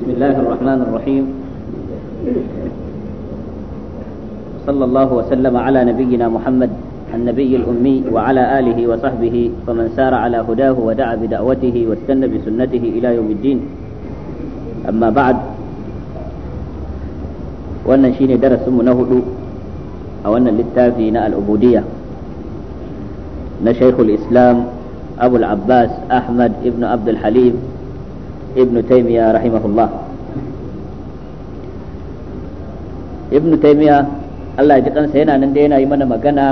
بسم الله الرحمن الرحيم صلى الله وسلم على نبينا محمد النبي الأمي وعلى آله وصحبه ومن سار على هداه ودعا بدعوته واستنى بسنته إلى يوم الدين أما بعد wannan shine درس na أو أن wannan littafi na al'ubudiyya na shaikhul islam abul abbas ahmad ibn taymiya rahimahullah ibn taymiya Allah ya ji kansa yana nan da yana yi mana magana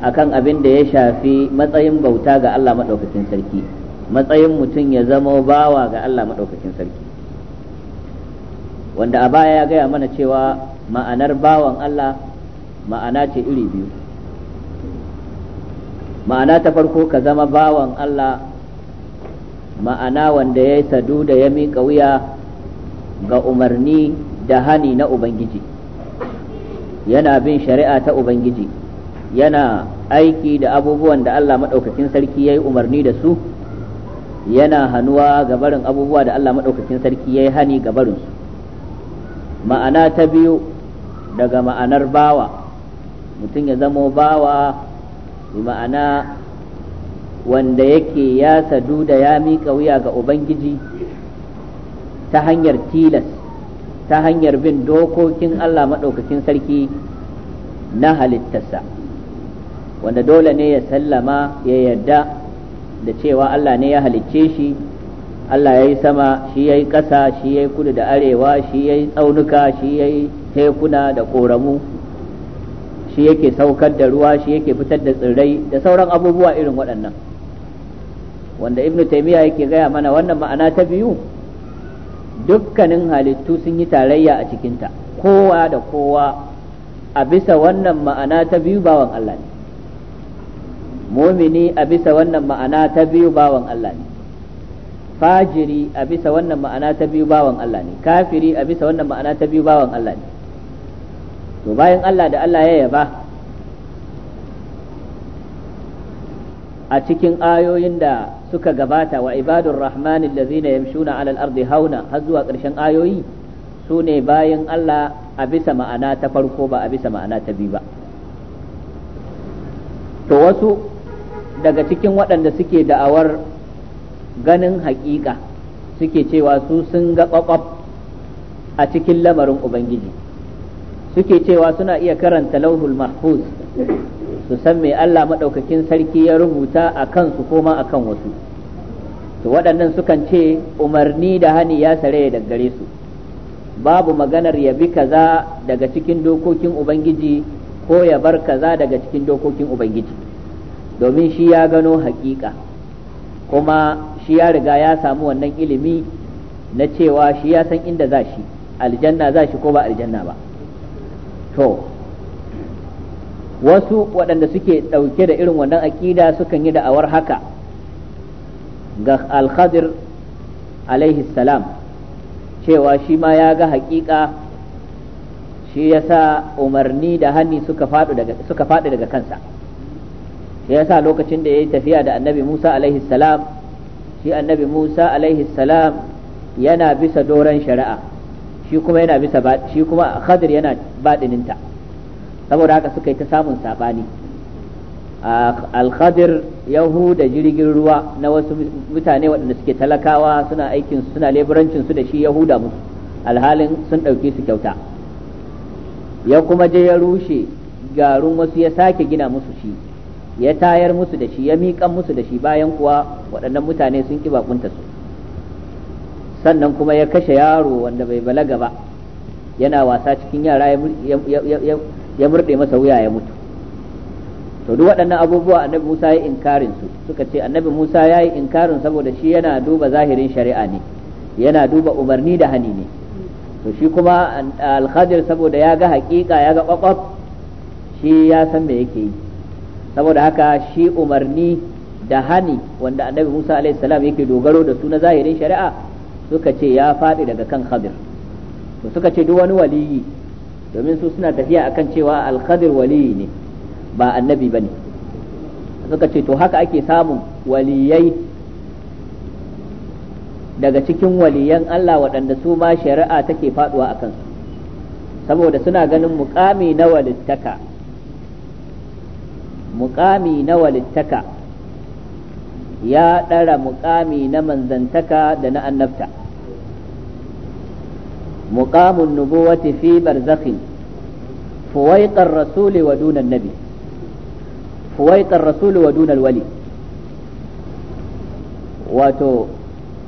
akan abin da ya shafi matsayin bauta ga Allah maɗaukakin sarki matsayin mutum ya zama bawa ga Allah maɗaukakin sarki wanda a baya ya gaya mana cewa ma'anar bawan Allah ma'ana ce iri biyu ma'ana ta farko ka zama bawan Allah ma'ana wanda ya yi sadu da ya miƙa wuya ga umarni da hani na ubangiji yana bin shari'a ta ubangiji yana aiki da abubuwan da Allah maɗaukakin sarki ya yi umarni da su yana hannuwa ga barin abubuwa da Allah maɗaukakin sarki ya yi hani ga barin su ma'ana ta biyu daga ma'anar bawa mutum ya zamo bawa ma'ana wanda yake ya sadu da ya miƙa wuya ga ubangiji ta hanyar tilas ta hanyar bin dokokin Allah maɗaukakin sarki na halittarsa wanda dole ne ya sallama ya yarda da cewa Allah ne ya halicce shi Allah ya yi sama shi ya yi ƙasa shi ya yi kudu da arewa shi ya yi tsaunuka shi ya yi tekuna da ƙoramu shi yake saukar da ruwa shi yake fitar da tsirrai da sauran abubuwa irin waɗannan wanda ibn taimiyya yake gaya mana wannan ma'ana ta biyu dukkanin halittu sun yi tarayya a cikinta kowa da kowa a bisa wannan ma'ana ta biyu bawan Allah ne mumini a bisa wannan ma'ana ta biyu bawan Allah ne fajiri a bisa wannan ma'ana ta biyu bawan Allah ne kafiri a bisa wannan ma'ana ta biyu bawan Allah ne to bayan Allah da Allah ya yaba a cikin ayoyin da suka gabata wa ibadur rahmani lazina yamshuna alal ardi hauna har zuwa ƙarshen ayoyi su ne bayan Allah a bisa ma'ana ta farko ba a bisa ma'ana ta biyu ba to wasu daga cikin waɗanda suke da'awar ganin haƙiƙa suke cewa su sun ga ƙwaƙwaf a cikin lamarin ubangiji suke cewa suna iya karanta lauhul mahfuz su san me Allah maɗaukakin sarki ya rubuta a kansu ko ma a kan wasu to waɗannan sukan ce umarni da hani ya sare ya daggare su babu maganar ya bi kaza daga cikin dokokin ubangiji ko ya bar kaza daga cikin dokokin ubangiji domin shi ya gano haƙiƙa kuma shi ya riga ya samu wannan ilimi na cewa shi ya san inda za shi aljanna za shi ko ba aljanna ba to wasu waɗanda suke ɗauke da irin wannan aƙida sukan yi da'awar haka ga al-khadir alaihi salam cewa shi ma ya ga haƙiƙa shi ya sa umarni da hanni suka faɗi daga kansa shi ya sa lokacin da ya yi tafiya da annabi musa alaihi salam shi annabi musa alaihi salam yana bisa doron shari'a shi kuma yana bisa shi kuma khadir yana baɗininta saboda haka suka yi ta samun sabani alkhadir yahu da jirgin ruwa na wasu mutane waɗanda suke talakawa suna aikin suna leburancin su da shi yahuda musu alhalin sun ɗauke su kyauta ya kuma je ya rushe garin wasu ya sake gina musu shi ya tayar musu da shi ya miƙan musu da shi bayan kuwa waɗannan mutane sun ƙi bakunta su sannan kuma ya kashe yaro wanda bai balaga ba yana wasa cikin yara ya murde masa wuya ya mutu to duk waɗannan abubuwa annabi Musa ya inkarin su suka ce annabi Musa ya yi inkarin saboda shi yana duba zahirin shari'a ne yana duba umarni da hani ne to shi kuma alhadir saboda ya ga haƙiƙa ya ga ƙwaƙwaf shi ya san me yake yi saboda haka shi umarni da hani wanda annabi Musa alaihi salam yake dogaro da su na zahirin shari'a suka ce ya faɗi daga kan khadir to suka ce duk wani waliyi domin su suna tafiya akan cewa alkhadir waliyi ne ba annabi bane suka ce to haka ake samun waliyai daga cikin waliyan Allah waɗanda su ma shari'a take faɗuwa a kansu saboda suna ganin mukami na walittaka mukami na walittaka ya ɗara mukami na manzantaka da na annabta مقام النبوة في برزخ فويق الرسول ودون النبي فويق الرسول ودون الولي wato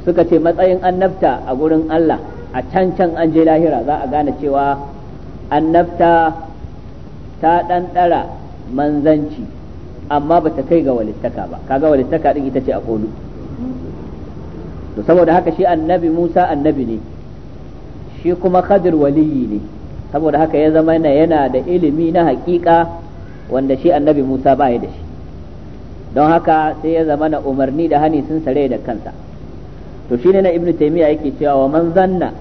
suka ce matsayin annabta a gurin Allah a can can an je lahira za a gane cewa annabta ta ɗan manzanci amma bata kai ga walittaka ba kaga walittaka ɗin ita ce a kolu to saboda haka shi annabi Musa annabi ne shi kuma khadir waliyi ne saboda haka ya zama yana da ilimi na hakika wanda shi annabi Musa ba ya da shi don haka sai ya zama na umarni da hani sun sare da kansa to shine na ibnu taymiya yake cewa wa man zanna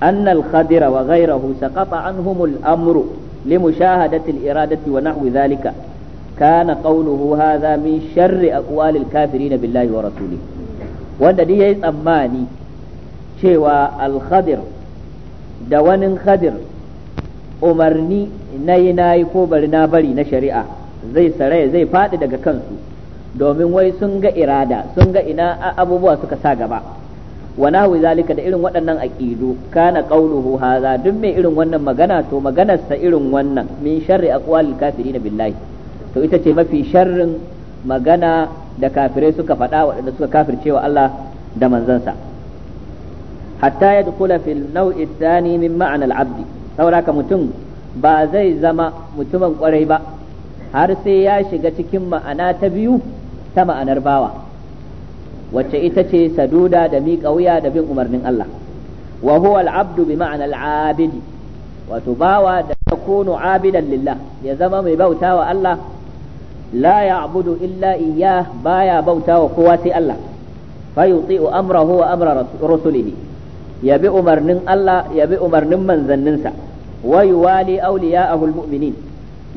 anna al-khadira wa ghayrahu saqata anhum al-amru limushahadati al-iradati wa nahwi dhalika kana qawluhu hadha min sharri aqwali al-kafirin billahi wa rasulihi wanda dai yayi tsammani cewa al da wani khadir umarni na yi na yi ko bari na bari na shari'a zai saraya zai faɗi daga kansu domin wai sun ga irada sun ga ina abubuwa suka sa gaba wa nahwi zalika da irin waɗannan aƙidu kana qawluhu hadha duk mai irin wannan magana to maganarsa irin wannan min sharri aqwalil kafirin billahi to ita ce mafi sharrin magana da kafirai suka faɗa waɗanda suka kafircewa Allah da manzansa hatta yadkhula fil nau'i thani min ma'anar abdi abd mutum ba zai zama mutumin kwarai ba har sai ya shiga cikin ma'ana ta biyu ta ma'anar bawa wacce ita ce saduda da miƙa wuya da bin umarnin Allah wa huwa abdu bi ma'anar al-'abidi wato bawa da yakunu 'abidan lillah ya zama mai bautawa Allah la ya'budu illa iyyah baya bautawa kowa sai Allah fa yuti'u amrahu wa amra rasulihi ya bi umarnin Allah ya bi umarnin manzanninsa wali auliya ahul mu'minin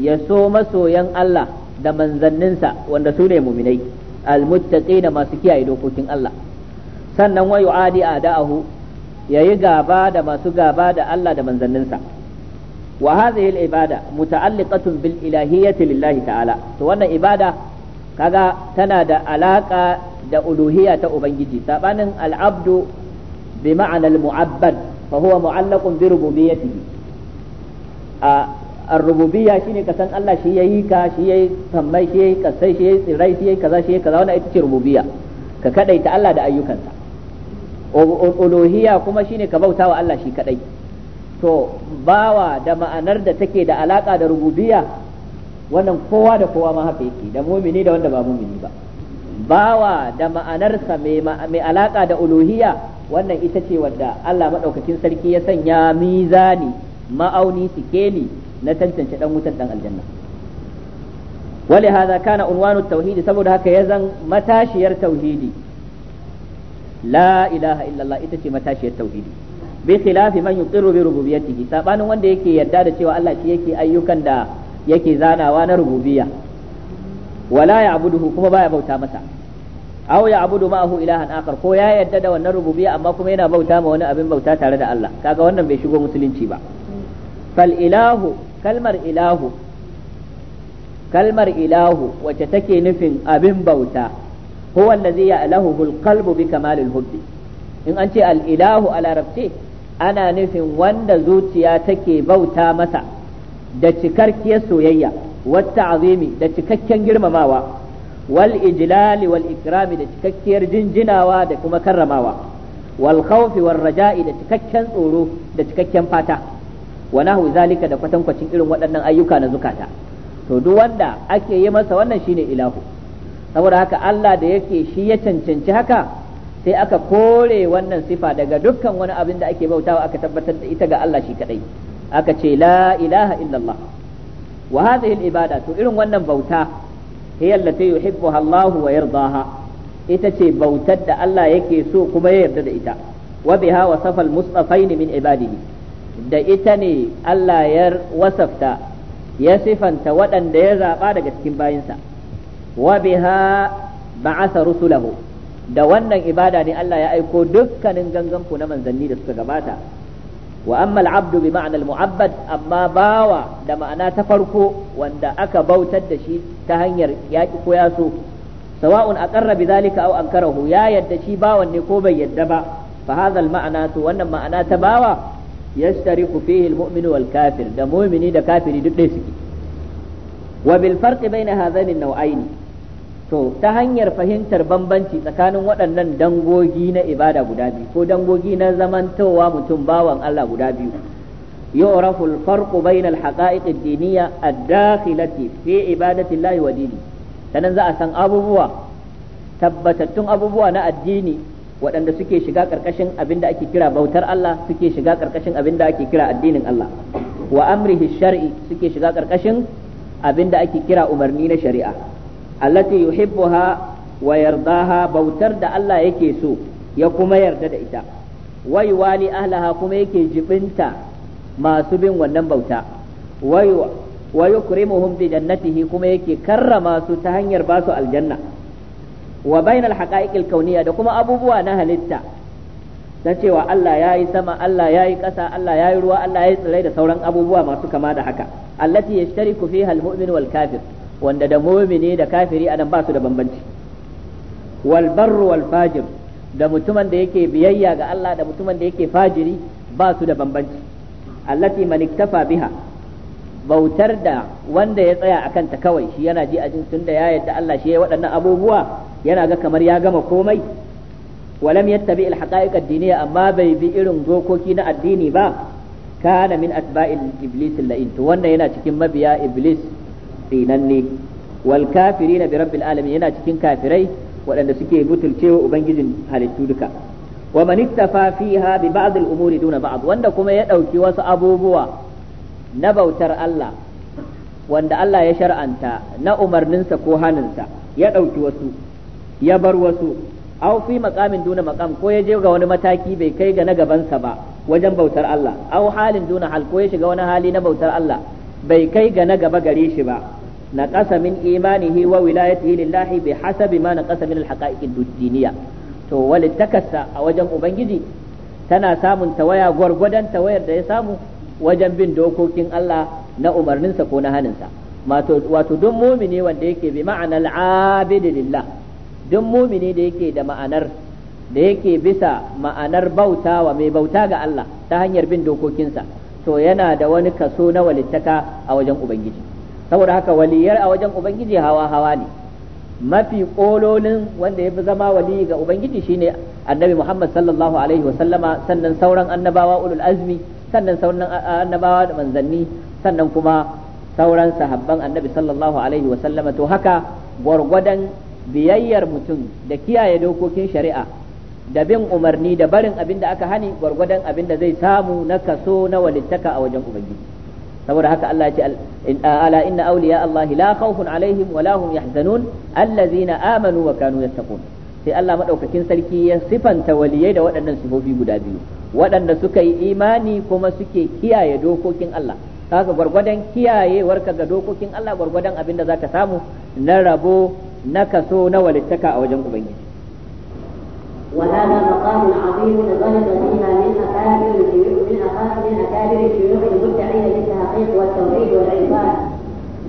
ya so masoyan Allah da manzanninsa wanda su ne mu'minai almuttaqina masu kiyaye dokokin Allah sannan wa yu'adi a'da'ahu yayi gaba da masu gaba da Allah da manzanninsa wa hadhihi ibada muta'alliqatun bil ilahiyyati lillahi ta'ala to wannan ibada kaga tana da alaka da uluhiyya ta ubangiji sabanin al-abdu بمعنى المعبد فهو معلق بربوبيته الربوبية شيني كسان الله شي يهيكا شي يهي سمي شي يهي كسي شي يهي سرعي شي يهي كذا شي يهي كذا وانا اتشي ربوبية ككدأي تألا دا أيوكا ألوهية كما شيني كبوتا وألا شي كدأي to bawa da ma'anar da take da alaka da rububiya wannan kowa da kowa ma haka yake da mumini da wanda ba mumini ba bawa da ma'anarsa mai alaka da uluhiya wannan ita ce wadda Allah maɗaukakin sarki ya sanya mizani ma'auni sikeli na tantance dan wutar dan aljanna wali hadha kana unwanu tauhidi saboda haka ya zan matashiyar tauhidi la ilaha illallah ita ce matashiyar tauhidi bi khilafi man yuqirru bi rububiyyatihi sabanin wanda yake yarda da cewa Allah shi yake ayyukan da yake zanawa na rububiyya wala ya'buduhu kuma baya bauta masa aw ya'budu ma'ahu ilahan akhar ko ya yadda da wannan rububi, amma kuma yana bauta ma wani abin bauta tare da Allah kaga wannan bai shigo musulunci ba fal ilahu kalmar ilahu kalmar take nufin abin bauta huwa allazi ya'lahu bil qalbu bi kamalil in an ce al ilahu a larabce ana nufin wanda zuciya take bauta masa da cikakkiyar soyayya والتعظيم da cikakken girmamawa wal ijlal wal ikrami da cikakkiyar jinjinawa da kuma karramawa wal khawf wal raja'i da cikakken tsoro da cikakken fata wa nahu zalika da kwatankwacin irin waɗannan ayyuka na zukata to duk wanda ake yi masa wannan shine ilahu saboda haka Allah da yake shi ya cancanci haka sai aka kore wannan sifa daga dukkan wani abin da ake bautawa aka tabbatar da ita ga Allah shi kadai aka ce la ilaha illallah wa hadhihi ibada to irin wannan bauta hiya allati yuhibbuha Allah wa yardaha ita ce bautar da Allah yake so kuma ya yarda da ita wa wasafal wasafa al-mustafain da ita ne Allah ya wasafta ya sifanta waɗanda ya zaɓa daga cikin bayinsa wa biha ba'asa rusulahu da wannan ibada ne Allah ya aiko dukkanin ganganku na manzanni da suka gabata wa amma al'abdu bi ma'anar mu'abbad amma bawa da ma'ana ta farko wanda aka bautar da shi ta hanyar yaƙi ko yaso sawa'un a karrabi zalika aw ankarahu ya yadda shi bawan ne ko bai yadda ba fa hadha ma'ana to wannan ma'ana ta bawa yashtariku fihi al mu'minu wal kafir da mu'mini da kafiri duk ɗaya suke wa bil farqi baina hadhain an-naw'aini to ta hanyar fahimtar bambanci tsakanin waɗannan dangogi na ibada guda biyu ko dangogi na zamantowa mutum bawan Allah guda biyu يعرف الفرق بين الحقائق الدينية الداخلة في عبادة wa ودينه sannan za a san abubuwa tabbatattun abubuwa na addini waɗanda suke shiga karkashin abin da ake kira bautar Allah suke shiga karkashin abin da ake kira addinin Allah wa amrihi shar'i suke shiga karkashin abin da ake kira umarni na shari'a allati yuhibbuha wa yardaha bautar da Allah yake so ya kuma yarda da ita wai wali ahlaha kuma yake jibinta masu bin wannan bauta wa yukrimuhum bi jannatihi kuma yake karrama su ta hanyar ba su aljanna wa bainal haqa'iqil kauniyya da kuma abubuwa na halitta ta cewa Allah ya yi sama Allah ya yi ƙasa Allah ya yi ruwa Allah ya yi tsirai da sauran abubuwa masu kama da haka allati ya shari al-mu'min wal kafir wanda da mumini da kafiri anan ba su da bambanci wal barru wal fajir da mutumin da yake biyayya ga Allah da mutumin da yake fajiri ba su da bambanci allati man iktafa biha bautar da wanda ya tsaya akan ta kawai shi yana ji a jin tunda ya yadda Allah shi ya waɗannan abubuwa yana ga kamar ya gama komai walam yattabi al haqa'iq ad amma bai bi irin dokoki na addini ba kana min atba'il iblis al-la'in to wannan yana cikin mabiya iblis ne wal kafirina bi rabbil alamin yana cikin kafirai waɗanda suke butulcewa ubangijin halittu duka wa man ittafa fiha bi ba'd umuri duna ba'd wanda kuma ya ɗauki wasu abubuwa na bautar Allah wanda Allah ya shar'anta na umarninsa ko haninsa ya ɗauki wasu ya bar wasu aw fi maqamin duna maqam ko ya je ga wani mataki bai kai ga na gabansa ba wajen bautar Allah aw halin duna hal ko ya shiga wani hali na bautar Allah bai kai ga na gaba gare shi ba نقص من إيمانه وولايته لله ma na نقص من الحقائق الدينية to walittakasta a wajen ubangiji tana samun tawaya gwargwadon tawayar da ya samu wajen bin dokokin Allah na umarninsa ko na haninsa wato duk mumini wanda yake bi ma'anar abidi lillah duk mumini da yake da ma'anar da yake bisa ma'anar bauta wa mai bauta ga Allah ta hanyar bin dokokinsa to yana da wani kaso na walittaka a wajen ubangiji saboda haka waliyar a wajen ubangiji hawa hawa ne mafi kololin wanda ya fi zama wali ga ubangiji shine annabi muhammad sallallahu alaihi wa sannan sauran annabawa ulul azmi sannan sauran annabawa da manzanni sannan kuma sauran sahabban annabi sallallahu alaihi to haka gwargwadon biyayyar mutum da kiyaye dokokin shari'a da bin umarni da barin abin da aka hani gwargwadon abin da zai samu na kaso na walittaka a wajen ubangiji saboda haka Allah ya ce ala inna awliya Allah la khawfun alaihim wa lahum yahzanun allazina amanu wa kanu yattaqun sai Allah madaukakin sarki ya sifanta waliyai da waɗannan sifofi guda biyu waɗanda suka yi imani kuma suke kiyaye dokokin Allah kaga gwargwadon kiyayewarka ga dokokin Allah gwargwadon abin da zaka samu na rabo na kaso na walittaka a wajen ubangiji وهذا مقام عظيم غلب فيها من اكابر من اكابر الشيوخ المدعين التحقيق والتوحيد والعرفان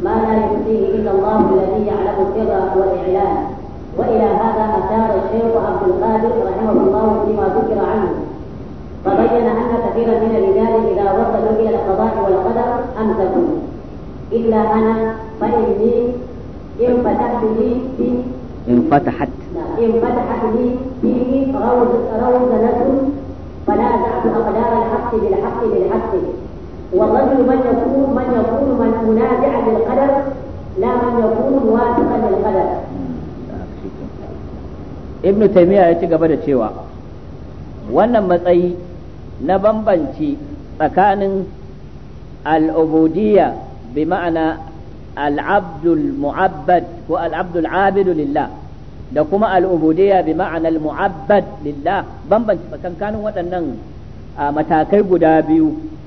ما لا يؤتيه الا الله الذي يعلم السر والاعلان والى هذا اشار الشيخ عبد القادر رحمه الله فيما ذكر عنه فبين ان كثيرا من الرجال اذا وصلوا الى القضاء والقدر امسكوا الا انا فاني ان فتحت لي في انفتحت انفتحت لي فيه روز فلا فنازعت اقدار الحق بالحق بالحق والرجل من يكون من يكون من منازع بالقدر لا من يكون موافقا للقدر ابن تيمية ya ci gaba da cewa wannan matsayi na bambanci tsakanin al'ubudiyya bi ma'ana al'abdul ko al'abdul da kuma al'ubudiyya bi ma'ana muabbad lillah bambanci tsakankanin waɗannan matakai guda biyu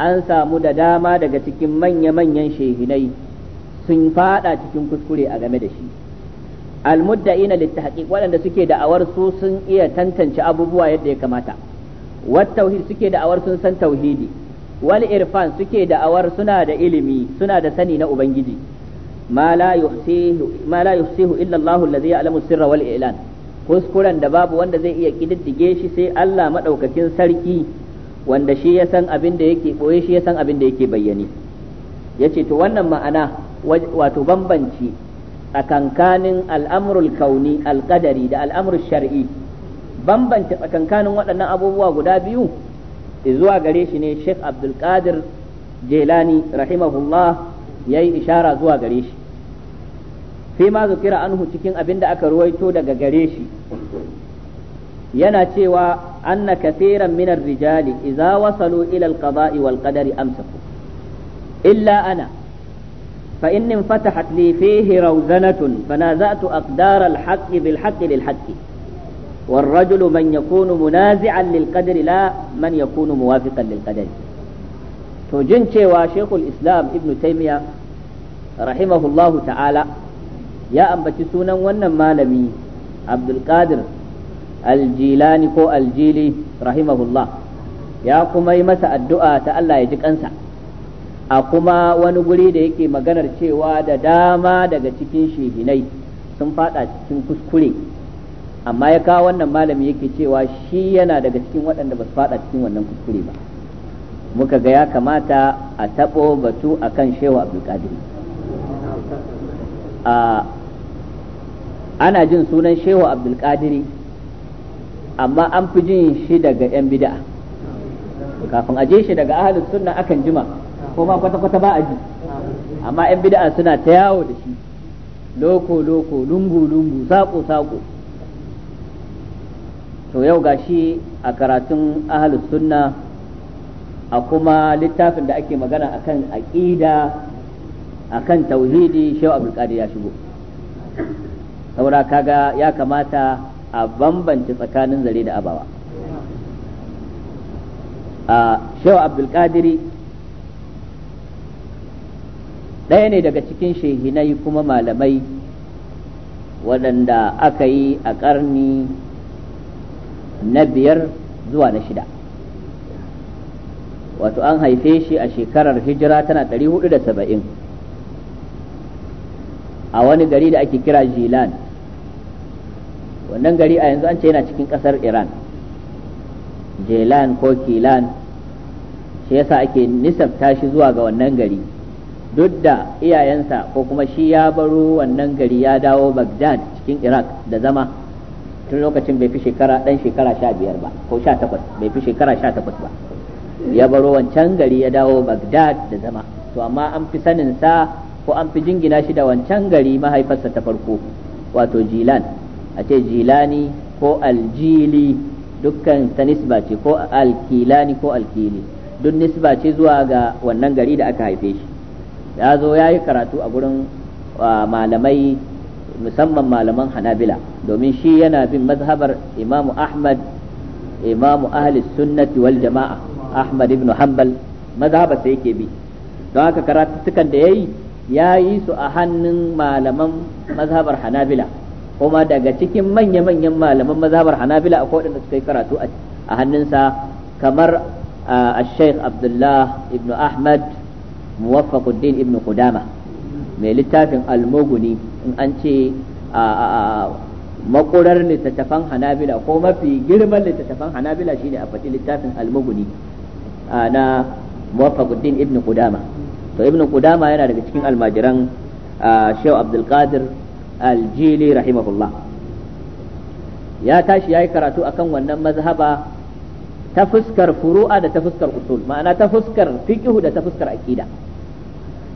an samu da dama daga cikin manya-manyan shehinai sun fada cikin kuskure a game da shi ina littahqiq waɗanda suke da'awar su sun iya tantance abubuwa yadda ya kamata wat tauhid suke da'awar sun san tauhidi wal irfan suke da'awar suna da ilimi suna da sani na ubangiji ma la yuhsihu ma la illa Allahu alladhi ya'lamu sirra wal i'lan kuskuren da babu wanda zai iya kididdige shi sai Allah madaukakin sarki wanda shi ya san abin da yake boye shi ya san abin da yake bayyane yace to wannan ma'ana wato bambanci tsakankanin al'amrul kauni alƙadari da al'amrul shar'i bambanci tsakankanin waɗannan abubuwa guda biyu zuwa gare shi ne Sheikh Abdul Qadir Jelani rahimahullah yayi ishara zuwa gare shi fi ma zukira anhu cikin abin da aka ruwaito daga gare shi yana cewa anna kathiran minar rijali iza wasalu ila al-qada'i wal qadari amsaku illa ana fa inni fatahat li fihi rawzanatun fanaza'tu aqdar al-haqq bil haqq lil haqq والرجل من يكون منازعا la man من يكون موافقا للقدر to jin cewa shekul islam ibn taimiya rahimahullahu ta'ala ya ambaci sunan wannan malami abdulkadir aljilani ko aljili rahimahullah ya kuma yi masa addu'a ta Allah ya ji kansa a kuma wani guri da yake maganar cewa da dama daga cikin shehinai sun fada cikin kuskure amma ya kawo wannan malami yake cewa shi yana daga cikin waɗanda ba su fada cikin wannan kuskure ba muka ga ya kamata a taɓo batu akan shewa abdulkadir ana jin sunan shehu abdulkadiri amma an fi jin shi daga yan bid'a kafin a je shi daga ahlus sunna akan jima ko ma kwata kwata ba a ji amma yan bid'a suna ta yawo da shi loko loko lungu lungu sako sako to yau ga shi a karatun ahlus sunna a kuma littafin da ake magana akan aqida akan tauhidi shehu abdul ya shigo saboda kaga ya kamata a bambance tsakanin zare da abawa a shehu abdulkadiri ɗaya ne daga cikin shehinai kuma malamai waɗanda aka yi a ƙarni na biyar zuwa na shida wato an haife shi a shekarar hijira tana ɗari da saba'in, a wani gari da ake kira jilani wannan gari a yanzu an ce yana cikin kasar iran jelan ko kilan shi yasa ake nisabta shi zuwa ga wannan gari duk da iyayensa ko kuma shi ya baro wannan gari ya dawo bagdad cikin iraq da zama tun lokacin bai fi shekara dan shekara sha biyar ba ko sha takwas bai fi shekara sha takwas ba ya baro wancan gari ya dawo bagdad da zama to amma an fi saninsa ko an fi jingina shi da wancan gari mahaifarsa ta farko wato jilan a ce jilani ko aljili dukkan ta nisba ce ko alkilani ko alkili duk nisba ce zuwa ga wannan gari da aka haife shi ya zo ya yi karatu a gurin malamai musamman malaman hanabila domin shi yana bin mazhabar imamu ahmad imamu ahli sunnati wal jama'a ahmad ibn hanbal mazhabar sai yake bi don haka karatuttukan da ya yi ya yi su a hannun malaman mazhabar hanabila kuma daga cikin manya-manyan malaman mazhabar hanabila akwai waɗanda suka yi karatu a hannunsa kamar الشيخ abdullah ibn ابن أحمد موفق الدين mai littafin almoguni in an ce makurar littattafan hanabila ko mafi girman littattafan hanabila shine a faɗi littafin almoguni na muwaffaquddin ibn kudama to ibn kudama yana daga cikin almajiran shehu abdulkadir aljili rahimahullah ya tashi yi karatu a kan wannan mazhaba ta fuskar furu'a da ta fuskar usul ma'ana ta fuskar fiqhu da ta fuskar aqida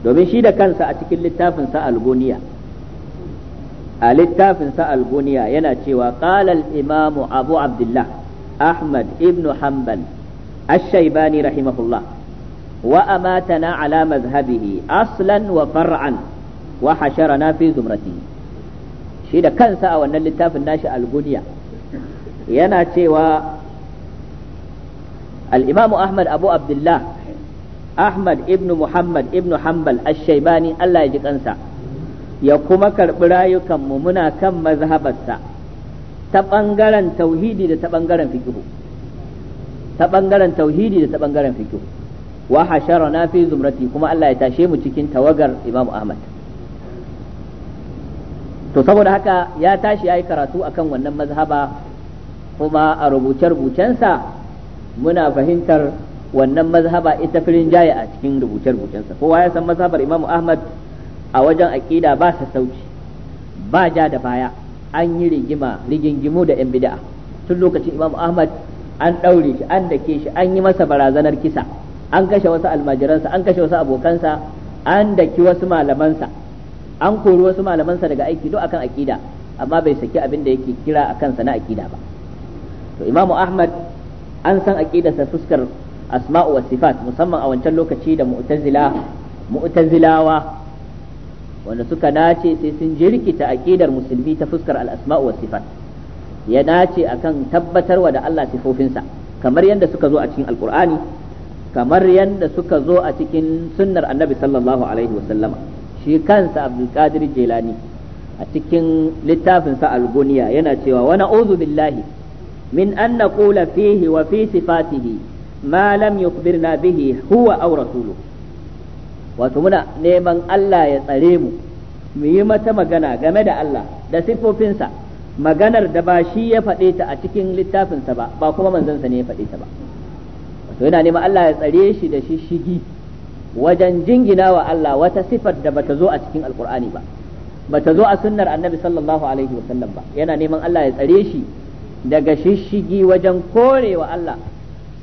domin shi da kansa a cikin littafin sa alguniya a littafin sa al yana cewa qala al-imamu abu abdullah ahmad ibn hanbal ash-shaybani rahimahullah wa amatana ala mazhabihi aslan wa far'an wa hasharana fi shi da kansa a wannan littafin nashi alguniya yana cewa al'imamu ahmad abu abdullah ahmad ibn muhammad ibn hanbal ash-shaybani Allah ya ji kansa ya kuma karɓi rayukanmu muna kan mazhabarsa ta ɓangaren tauhidi da ta ɓangaren fikihu ta ɓangaren tauhidi da ta ɓangaren fikihu wa hashara na fi zumrati kuma Allah ya tashe mu cikin tawagar imamu ahmad to saboda haka ya tashi ya yi karatu a kan wannan mazhaba kuma a rubuce-rubucensa muna fahimtar wannan mazhaba ita firin jaya a cikin rubuce-rubucensa kowa ya san mazhabar imamu ahmad a wajen aƙida ba sa sauci ba ja da baya an yi rigima rigingimu da 'yan bida'a tun lokacin imamu ahmad an ɗaure shi an dake shi an yi masa barazanar kisa an kashe wasu almajiransa an kashe wasu abokansa an daki wasu malamansa an kori wasu malamansa daga aiki duk akan akida amma bai saki abin da yake kira a kansa na akida ba to Imam ahmad an san aqidarsa fuskar asma'u was sifat musamman a wancan lokaci da mu'tazila mu'tazilawa wanda suka nace sai sun jirkita akidar musulmi ta fuskar al-asma'u was sifat ya nace akan tabbatarwa da Allah sifofinsa kamar yadda suka zo a cikin alqur'ani kamar yadda suka zo a cikin sunnar annabi sallallahu alaihi wasallama shi kansa abdulkadir jelani a cikin littafinsa alguniya yana cewa wani uzu billahi min an naqula fihi wa fi sifatihi ma lam yukhbirna bihi huwa aw rasuluhu wato muna neman Allah ya tsare mu mu yi mata magana game da Allah da siffofinsa maganar da ba shi ya faɗe ta a cikin littafinsa ba ba kuma manzansa ne ya faɗe ta ba wato yana neman Allah ya tsare shi da shi shigi wajen jingina wa Allah wata sifar da bata zo a cikin alkur'ani ba bata zo a sunnar annabi sallallahu alaihi wasallam ba yana neman Allah ya tsare shi daga shishigi wajen korewa Allah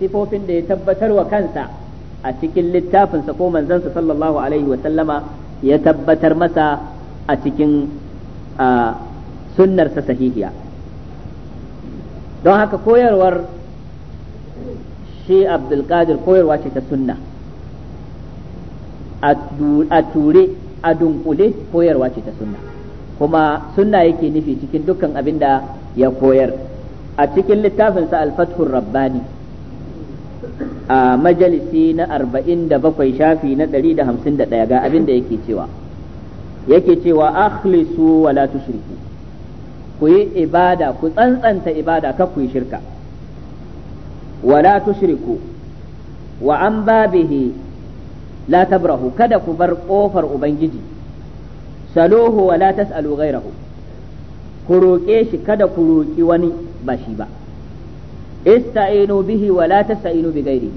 sifofin da ya tabbatar wa kansa a cikin littafinsa ko manzansa sallallahu alaihi wasallama ya tabbatar masa a cikin sunnarsa sahihiya don haka koyarwar shi abdulkadir koyarwa ce ta sunna a ture a dunkule koyarwa ce ta sunna kuma sunna yake nufi cikin dukkan abin da ya koyar a cikin littafinsa alfathur rabbani a majalisi na arba'in da bakwai shafi na ɗari da hamsin da ɗaya ga abin da yake cewa yake cewa akhlisu wa la tushriku ku yi ibada ku tsantsanta ibada ka ku yi shirka wa la tushriku wa an babihi la tabrahu kada ku bar kofar ubangiji saluhu wa la tasalu ghayrahu ku roƙe shi kada ku roƙi wani ba shi ba ista'inu bihi wa la tasta'inu bi ghairihi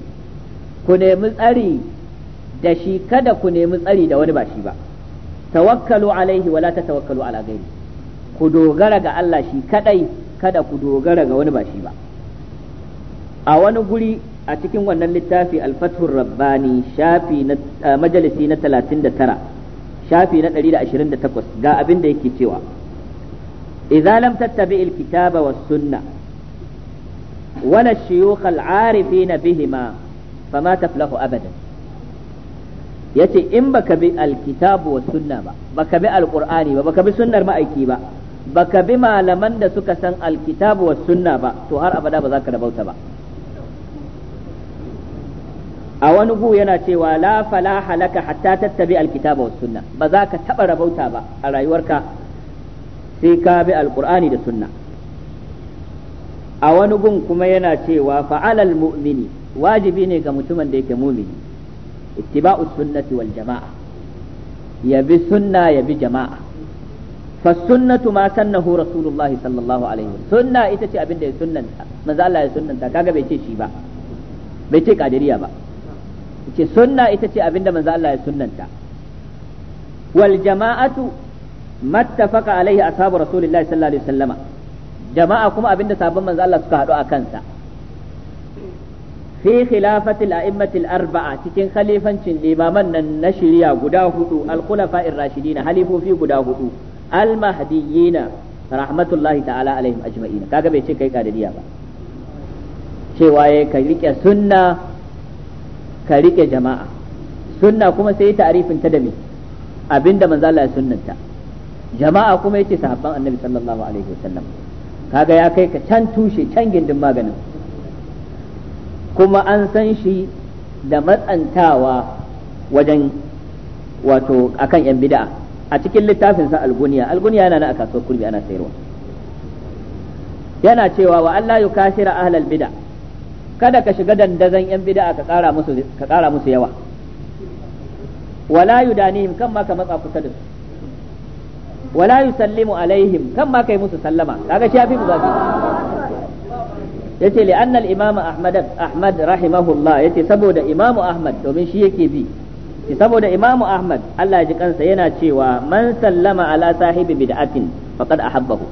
ku nemi tsari da shi kada ku nemi tsari da wani ba shi ba tawakkalu alaihi wa la tatawakkalu ala ghairi ku dogara ga Allah shi kadai kada ku dogara ga wani ba shi ba a wani guri a cikin wannan littafi alfathur rabbani shafi na majalisi na 39 shafi na 128 ga abin da yake cewa idza lam tattabi alkitaba was sunna wala ash-shuyukh al-arifin bihima fama taflahu abadan yace in baka bi alkitabu was sunna ba baka bi alqur'ani ba baka bi sunnar ma'aiki ba baka bi malaman da suka san alkitabu was sunna ba to har abada ba za ka rabauta ba a wani gu yana cewa la falaha laka hatta tattabi alkitaba wa sunna ba za ka taba rabauta ba a rayuwarka sai ka bi alqur'ani da sunna a wani gun kuma yana cewa fa'alal mu'mini wajibi ne ga mutumin da yake mumini ittiba'us sunnati wal jama'a ya bi sunna ya bi jama'a fa sunnatu ma sannahu rasulullah sallallahu alaihi sunna ita ce abin da ya sunnanta manzo Allah ya sunnanta kaga bai ce shi ba bai ce kadiriya ba yace sunna ita ce abinda manzo Allah ya sunnanta wal jama'atu mattafaqa alaihi ashabu rasulillahi sallallahu alaihi wasallama jama'a kuma abinda sabon manzo Allah suka hadu a kansa fi khilafatil a'immatil arba'a cikin khalifancin imaman nan na shari'a guda hudu al-khulafa'ir rashidin halifofi guda hudu al-mahdiyina rahmatullahi ta'ala alaihim ajma'in kaga bai ce kai kadiriya ba cewa ya ka rike sunna ka rike jama'a sunna kuma sai ya ta'arifin ta da me abinda manzo Allah ya sunnanta jama'a kuma yace sahabban annabi sallallahu alaihi wasallam kaga ya kai ka can tushe can gindin maganin kuma an san shi da matsantawa wajen wato akan yan bid'a a cikin littafin sa al alguniya yana na a kasuwar kurbi ana sayarwa yana cewa wa Allah yukashira ahlal bid'a kada ka shiga dandazon yan bid'a ka ƙara musu yawa wala yudanihim kan ma ka matsa kusa da su wala yusallimu alaihim kan ma kai musu sallama kaga shi yafi muzafi yace li anna al imam ahmad ahmad rahimahullah yace saboda imam ahmad domin shi yake bi saboda imam ahmad Allah ya ji kansa yana cewa man sallama ala sahibi bid'atin faqad ahabbahu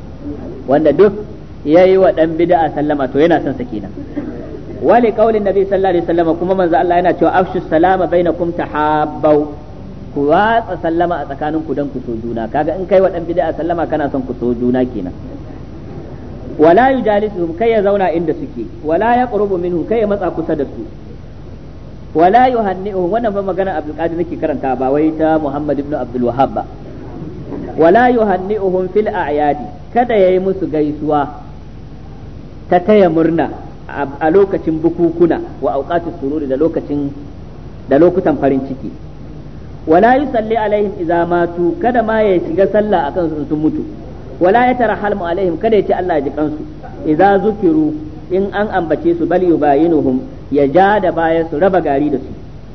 wanda duk yayi wa dan bid'a sallama to yana son sa kenan wali kaulin nabi sallallahu alaihi wasallam kuma manzo Allah yana cewa afshu salama bainakum tahabbu ku watsa sallama a tsakanin ku dan ku so juna kaga in kai wa dan bid'a sallama kana son ku so juna kenan wala yujalisuhum kai ya zauna inda suke wala yaqrubu minhum kai ya matsa kusa da su wala yuhanni'uhum wannan ba magana Abdul Qadir nake karanta ba wai ta Muhammad ibn Abdul Wahhab ba wala yuhanni'uhum fil a'yadi kada yayi musu gaisuwa ta taya murna a lokacin bukukuna wa auqatis sururi da lokacin da lokutan farin ciki wala yusalli alaihim idza matu kada ma ya shiga sallah akan su sun mutu wala ya tarhamu alaihim kada ya ce Allah ya ji kansu idza zukiru in an ambace su bal yubayinuhum ya ja da baya su raba gari da su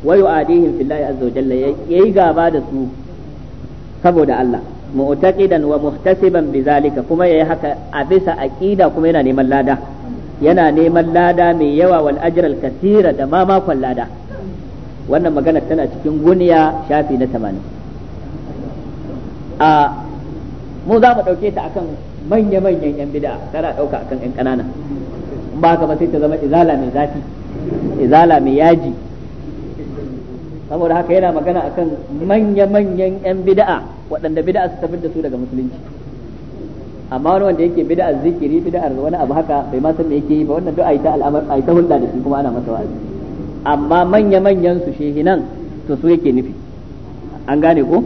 wa yu'adihim fillahi azza wa jalla yayi gaba da su saboda Allah mu'taqidan wa muhtasiban bizalika kuma yayi haka a bisa aqida kuma yana neman lada yana neman lada mai yawa wal ajral katira da ma makon lada wannan magana tana cikin guniya shafi na 80 a mu za mu dauke ta akan manya manyan yan bid'a tana dauka akan yan kanana in ba ka ba sai ta zama izala mai zafi izala mai yaji saboda haka yana magana akan manya manyan yan bid'a waɗanda bid'a su tafi da su daga musulunci amma wani wanda yake bid'a zikiri bid'a wani abu haka bai ma san me yake yi ba wannan duk ta al'amar ai ta hulɗa da shi kuma ana masa wa'azi amma manya manyan su shehinan to su yake nufi an gane ko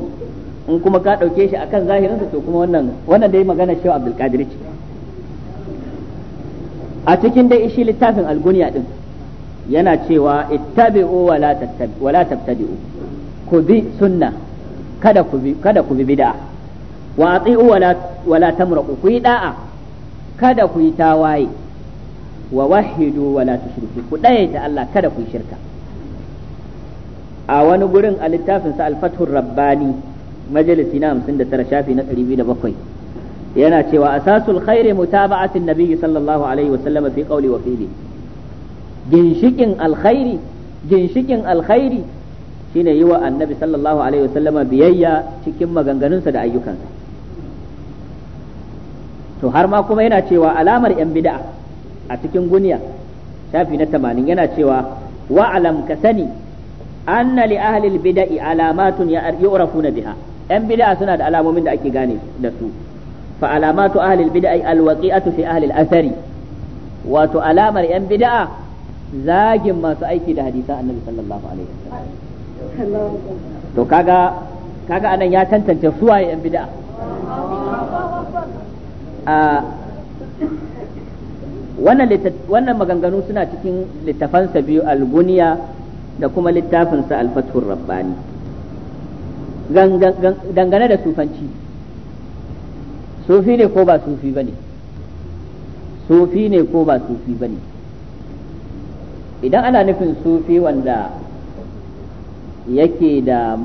in kuma ka dauke shi akan zahirin sa to kuma wannan wannan dai magana Shehu Abdul Qadir ce a cikin dai shi littafin alguniya din yana cewa ittabi'u wala tattabi'u wala tabtadi'u ku bi sunna kada ku bi kada ku bi bid'a wa ati'u wala wala ku yi da'a kada ku yi tawaye wa wahidu wala tushriku ku ta Allah kada ku yi shirka a wani gurin a littafin sa al-fathur rabbani majalisi na 59 shafi na 207 yana cewa asasul khairi mutaba'atin nabiyyi sallallahu alaihi wa sallam fi qawli wa fi'li ginshikin alkhairi ginshikin alkhairi shine yi wa annabi sallallahu alaihi wa sallama biyayya cikin maganganunsa da ayyukansa to har ma kuma yana cewa alamar yan bid'a a cikin guniya shafi na tamanin yana cewa wa alam ka sani anna li ahli al bid'i alamatun yu'rafuna biha yan bid'a suna da alamomin da ake gane da su fa alamatu ahli al bid'i al waqi'atu fi ahli al athari wato alamar yan bid'a zagin masu aiki da hadisan annabi sallallahu alaihi wasallam to kaga kaga anan ya tantance suwaye yan bid'a wannan maganganu suna cikin littafansa biyu alguniya da kuma littafinsa alfathur rabbani dangane da sufanci sufi ne ko ba sufi ba ne sufi ne ko ba sufi ba ne idan ana nufin sufi wanda yake da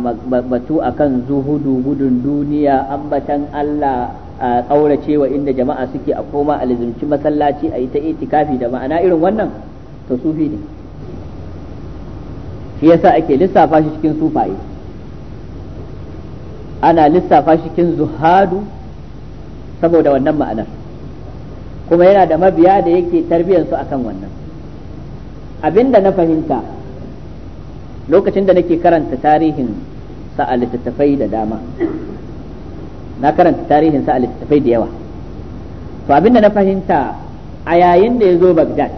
batu akan zuhudu gudun duniya ambatan Allah a ƙaurace wa inda jama'a suke a koma a lizimci masallaci a yi ta itikafi da ma'ana irin wannan to sufi ne shi yasa ake lissafa shi cikin sufaye ana lissafa shi cikin zuhadu saboda wannan ma'anar kuma yana da mabiya da yake tarbiyyarsu akan wannan abinda na fahimta lokacin da nake karanta tarihin sa'a littattafai da dama na karanta tarihin sa a littattafai da yawa to abin da na fahimta a yayin da ya zo bagdad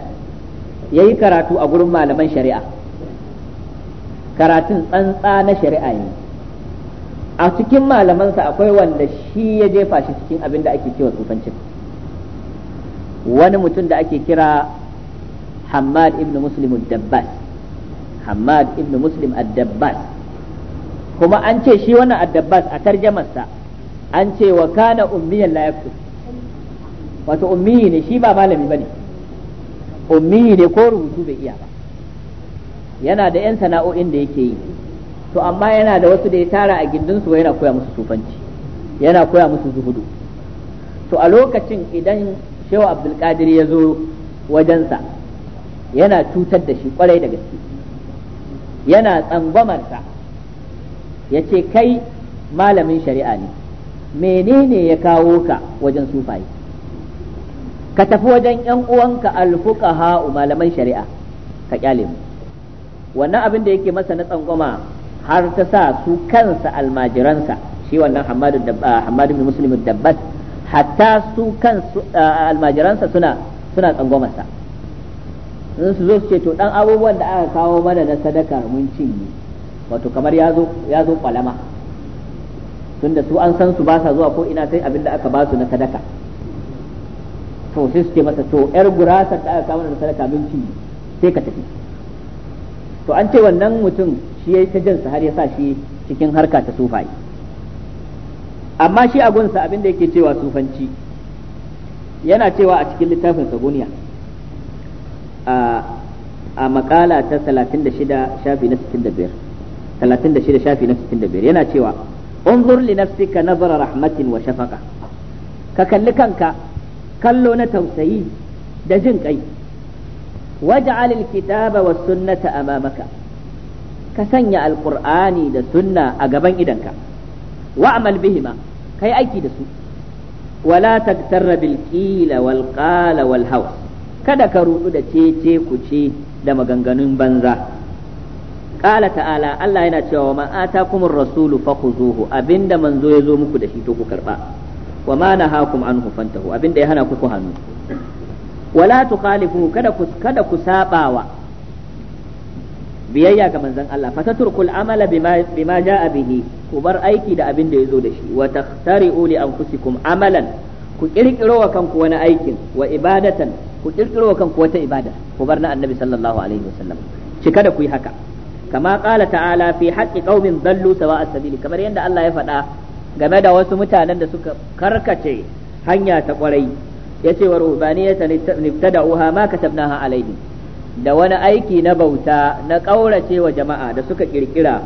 ya yi karatu a gurin malaman shari'a karatun tsantsa na shari'a ne a cikin malamansa akwai wanda shi ya jefa shi cikin abin da ake cewa tsofancin wani mutum da ake kira Hamad ibn Muslim dabbas Hamad ibn Muslim al dabbas kuma an ce shi wannan ad-Dabbas a tarjamarsa an ce wa kana ummiyan la yaktub wato ummi ne shi ba malami bane Ummi ne ko rubutu bai iya ba yana da yan sana'o'in da yake yi to amma yana da wasu da ya tara a gindin su yana koya musu sufanci yana koya musu zuhudu to a lokacin idan shehu abdulkadir ya zo wajensa yana cutar da shi kwarai da gaske yana tsangwamarsa ya ce kai malamin shari'a ne menene ya kawo ka wajen sufaye ka tafi wajen yan uwanka alfuqaha malaman shari'a ka kyale mu wannan abin da yake masa na tsangwama har ta sa su kansa almajiransa shi wannan hamadu ah, hamadu bin muslim dabbas hatta su kansu ah, almajiransa suna suna tsangwamarsa sun su zo su ce to dan abubuwan da aka kawo mana na sadaka mun cinye wato kamar ya zo kwalama tunda su an san su ba sa zuwa ko ina sai abin da aka ba su na sadaka to sai su masa to yar gurasa da aka kawo da sadaka minti sai ka tafi to an ce wannan mutum shi yayi ta jinsa har ya sa shi cikin harka ta sufai amma shi a gunsa abin da yake cewa sufanci yana cewa a cikin littafin saguniya a a makala ta 36 shafi na 65 36 shafi na 65 yana cewa انظر لنفسك نظر رحمة وشفقة ككل كنك كلو نتوسي دجنك أي واجعل الكتاب والسنة أمامك كسنيا القرآن دا سنة أقبان إدنك وأعمل بهما كي أيكي دسو ولا تغتر بالكيل والقال والهوى kada ka rudu da cece ku ce da maganganun banza qala ta'ala Allah yana cewa wa man atakumur rasulu fakhuzuhu abinda manzo ya zo muku da shi to ku karba wa ma nahakum anhu fantahu abinda ya hana ku ku hannu wala tukhalifu kada ku kada ku sabawa biyayya ga manzon Allah fataturkul amala bima bima jaa bihi ku bar aiki da abin da yazo da shi wa an li anfusikum amalan ku kirkiro wa kanku wani aikin wa ibadatan ku kirkiro wa kanku wata ibada ku bar na annabi sallallahu alaihi wasallam cika da ku yi haka kama qala ta'ala fi haqqi qaumin dallu a sabili kamar yadda Allah ya faɗa game da wasu mutanen da suka karkace hanya ta kwarai yace wa da ibtada'uha ma katabnaha alaini, da wani aiki na bauta na ƙaurace wa jama'a da suka ƙirƙira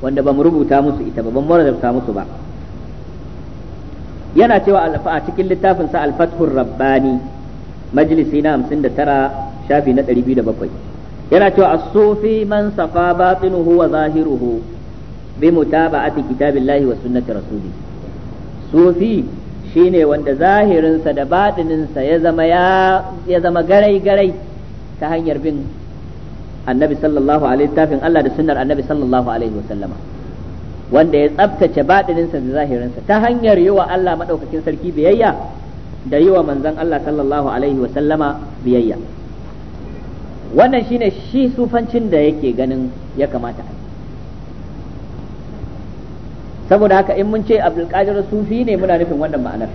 wanda bamu rubuta musu ita ba ban musu ba yana cewa a cikin littafin sa al rabbani majlisi na 59 shafi na 207 yana cewa as-sufi man safa batinuhu wa zahiruhu bi mutaba'ati kitabillahi wa sunnati rasuli sufi shine wanda zahirinsa da batininsa ya zama ya zama garai garai ta hanyar bin annabi sallallahu alaihi tafin Allah da sunnar annabi sallallahu alaihi wa sallama wanda ya tsabtace batininsa da zahirinsa ta hanyar yi wa Allah madaukakin sarki biyayya da yi wa manzon Allah sallallahu alaihi wa sallama biyayya wannan shine shi sufancin da yake ganin ya kamata a saboda haka in mun ce abdulkadir sufi ne muna nufin wannan ma'anar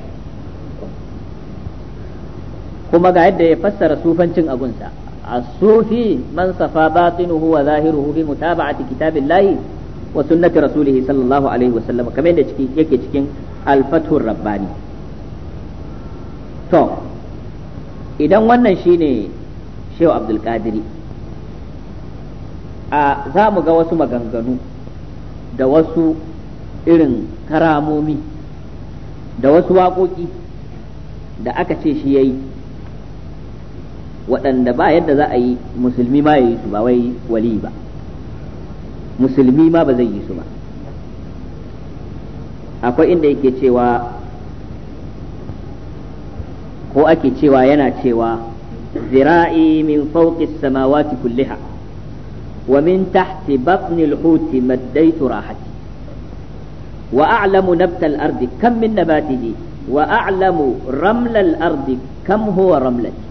kuma ga yadda ya fassara sufancin agunsa as-sufi man safa batinuhu wa zahiruhu bi mutaba'ati kitabillahi wa sunnati rasulih sallallahu alaihi wa sallam kamar yadda ciki yake cikin al-fathur rabbani to idan wannan shine shehu abdul qadiri a za mu ga wasu maganganu da wasu irin karamomi da wasu waƙoƙi da aka ce shi ya yi waɗanda ba yadda za a yi musulmi ma ya yi su ba wai wali ba musulmi ma ba zai yi su ba akwai inda yake cewa ko ake cewa yana cewa ذرائي من فوق السماوات كلها ومن تحت بطن الحوت مديت راحتي وأعلم نبت الأرض كم من نباته وأعلم رمل الأرض كم هو رملتي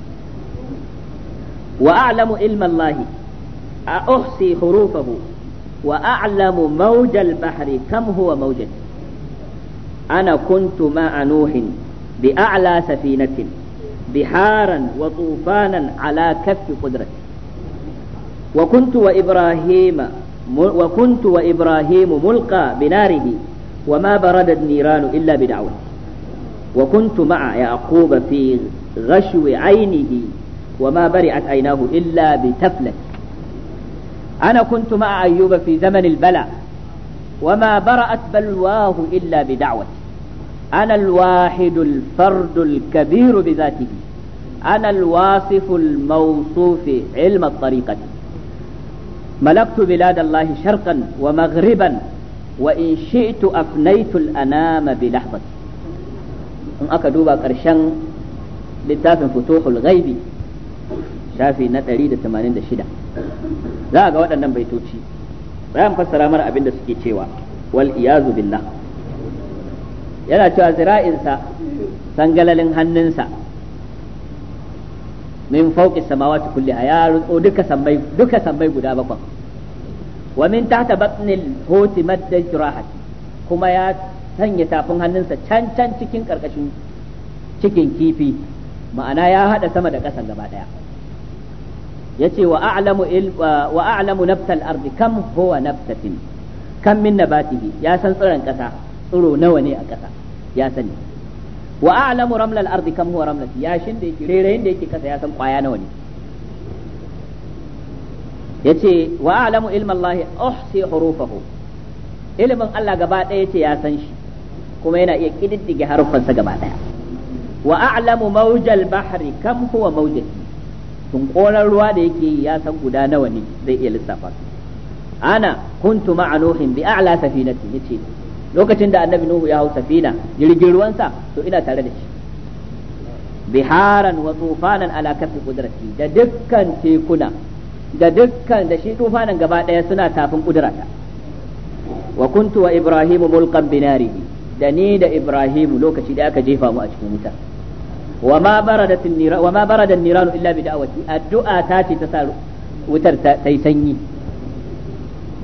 وأعلم علم الله أحصي حروفه وأعلم موج البحر كم هو موجتي أنا كنت مع نوح بأعلى سفينة بحارا وطوفانا على كف قدرتي وكنت وإبراهيم وكنت وإبراهيم ملقى بناره وما بردت النيران إلا بدعوتي وكنت مع يعقوب في غشو عينه وما برئت عيناه إلا بتفلة أنا كنت مع أيوب في زمن البلاء وما برأت بلواه إلا بدعوتي أنا الواحد الفرد الكبير بذاته ana alwasiful mawsufi ilma tariqati malaktu biladallahi sharqan wa maghriban wa in afnaytu al-anama bi lahzati in aka duba ƙarshen littafin futuhul ghaibi shafi na ɗari da 186 za a ga waɗannan baitoci bayan fassara mana abin da suke cewa wal iyazu billah yana cewa zira'insa sangalalin hannunsa min fawqi samawati kulliha ya rutso duka sammai duka sammai guda bakwai wa min tahta batnil huti madda jirahat kuma ya sanya tafin hannunsa can can cikin karkashin cikin kifi ma'ana ya hada sama da ƙasa gaba daya yace wa a'lamu wa a'lamu nabtal ardi kam huwa nabtatin kam min nabatihi ya san tsiron kasa tsiro nawa ne a kasa ya sani wa a'lamu ramlal ardi kam huwa ramlat yashin da yake rairayin da yake kasa ya san kwaya nawa ne yace wa a'lamu ilma Allah uhsi hurufahu ilimin Allah gaba ɗaya yace ya san shi kuma yana iya kididdige harufansa gaba daya wa a'lamu mawjal bahri kam huwa mawjati tun koran ruwa da yake ya san guda nawa ne zai iya lissafa ana kuntu ma'a nuhin bi a'la safinati yace lokacin da annabi nuhu ya hau safina jirgin ruwansa to ina tare da shi biharan wa tufanan ala kafi kudrati da dukkan tekuna da dukkan da shi tufanan gaba daya suna tafin kudrata wa kuntu wa ibrahim mulqan binarihi da ni da ibrahim lokaci da aka jefa mu a cikin wuta wa ma barada an nira wa ma barada an-niran illa bi da'wati addu'a ta ce ta sa wutar ta yi sanyi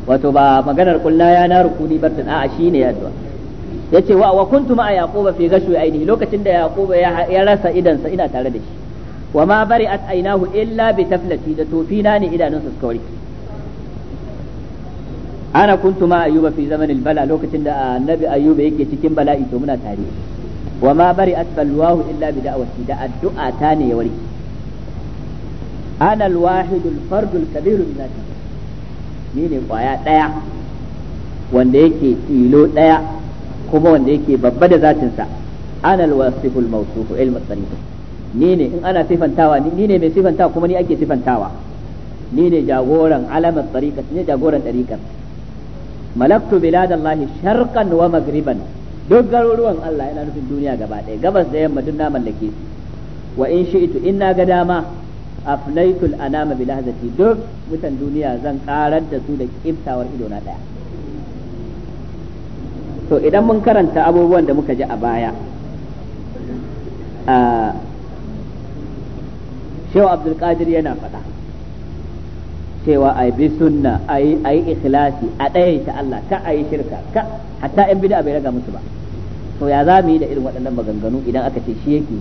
wato ba maganar kulla ya na rukuni bartan a'a shine ya Ya ce wa wa kuntu ma a yaquba fi gashu ainihi lokacin da yaquba ya rasa idansa ina tare da shi wa ma bari'at ainahu illa bi taflati da tofina ne idanunsa suka warke ana kuntu ma Ayuba fi zamanin bala lokacin da annabi Ayuba yake cikin bala'i to muna tare wa ma bari'at balwahu illa bi da'wati da addu'a ta ne ya warke ana alwahidul fardul kabirul min ne kwaya ɗaya wanda yake tilo ɗaya kuma wanda yake babba da zatinsa ana alwasiful mawsuf ilmu sarif ni ne in ana sifantawa ni ne mai sifantawa kuma ni ake sifantawa ni ne jagoran alamar tariqat ni ne jagoran tariqat malaktu biladallahi sharqan wa magriban duk garuruwan Allah yana nufin duniya gaba ɗaya gabas da yamma duk na mallake su wa in shi'tu in na ga dama aflaitul anama bi lahzati duk mutan duniya zan karar da su da kiftawar ido na daya to idan mun karanta abubuwan da muka ji a baya a Shehu Abdul Qadir yana faɗa cewa a bi sunna a yi ikhlasi a ɗaya ta Allah ka a yi shirka ka hatta yan bid'a bai raga musu ba to ya za mu yi da irin waɗannan maganganu idan aka ce shi yake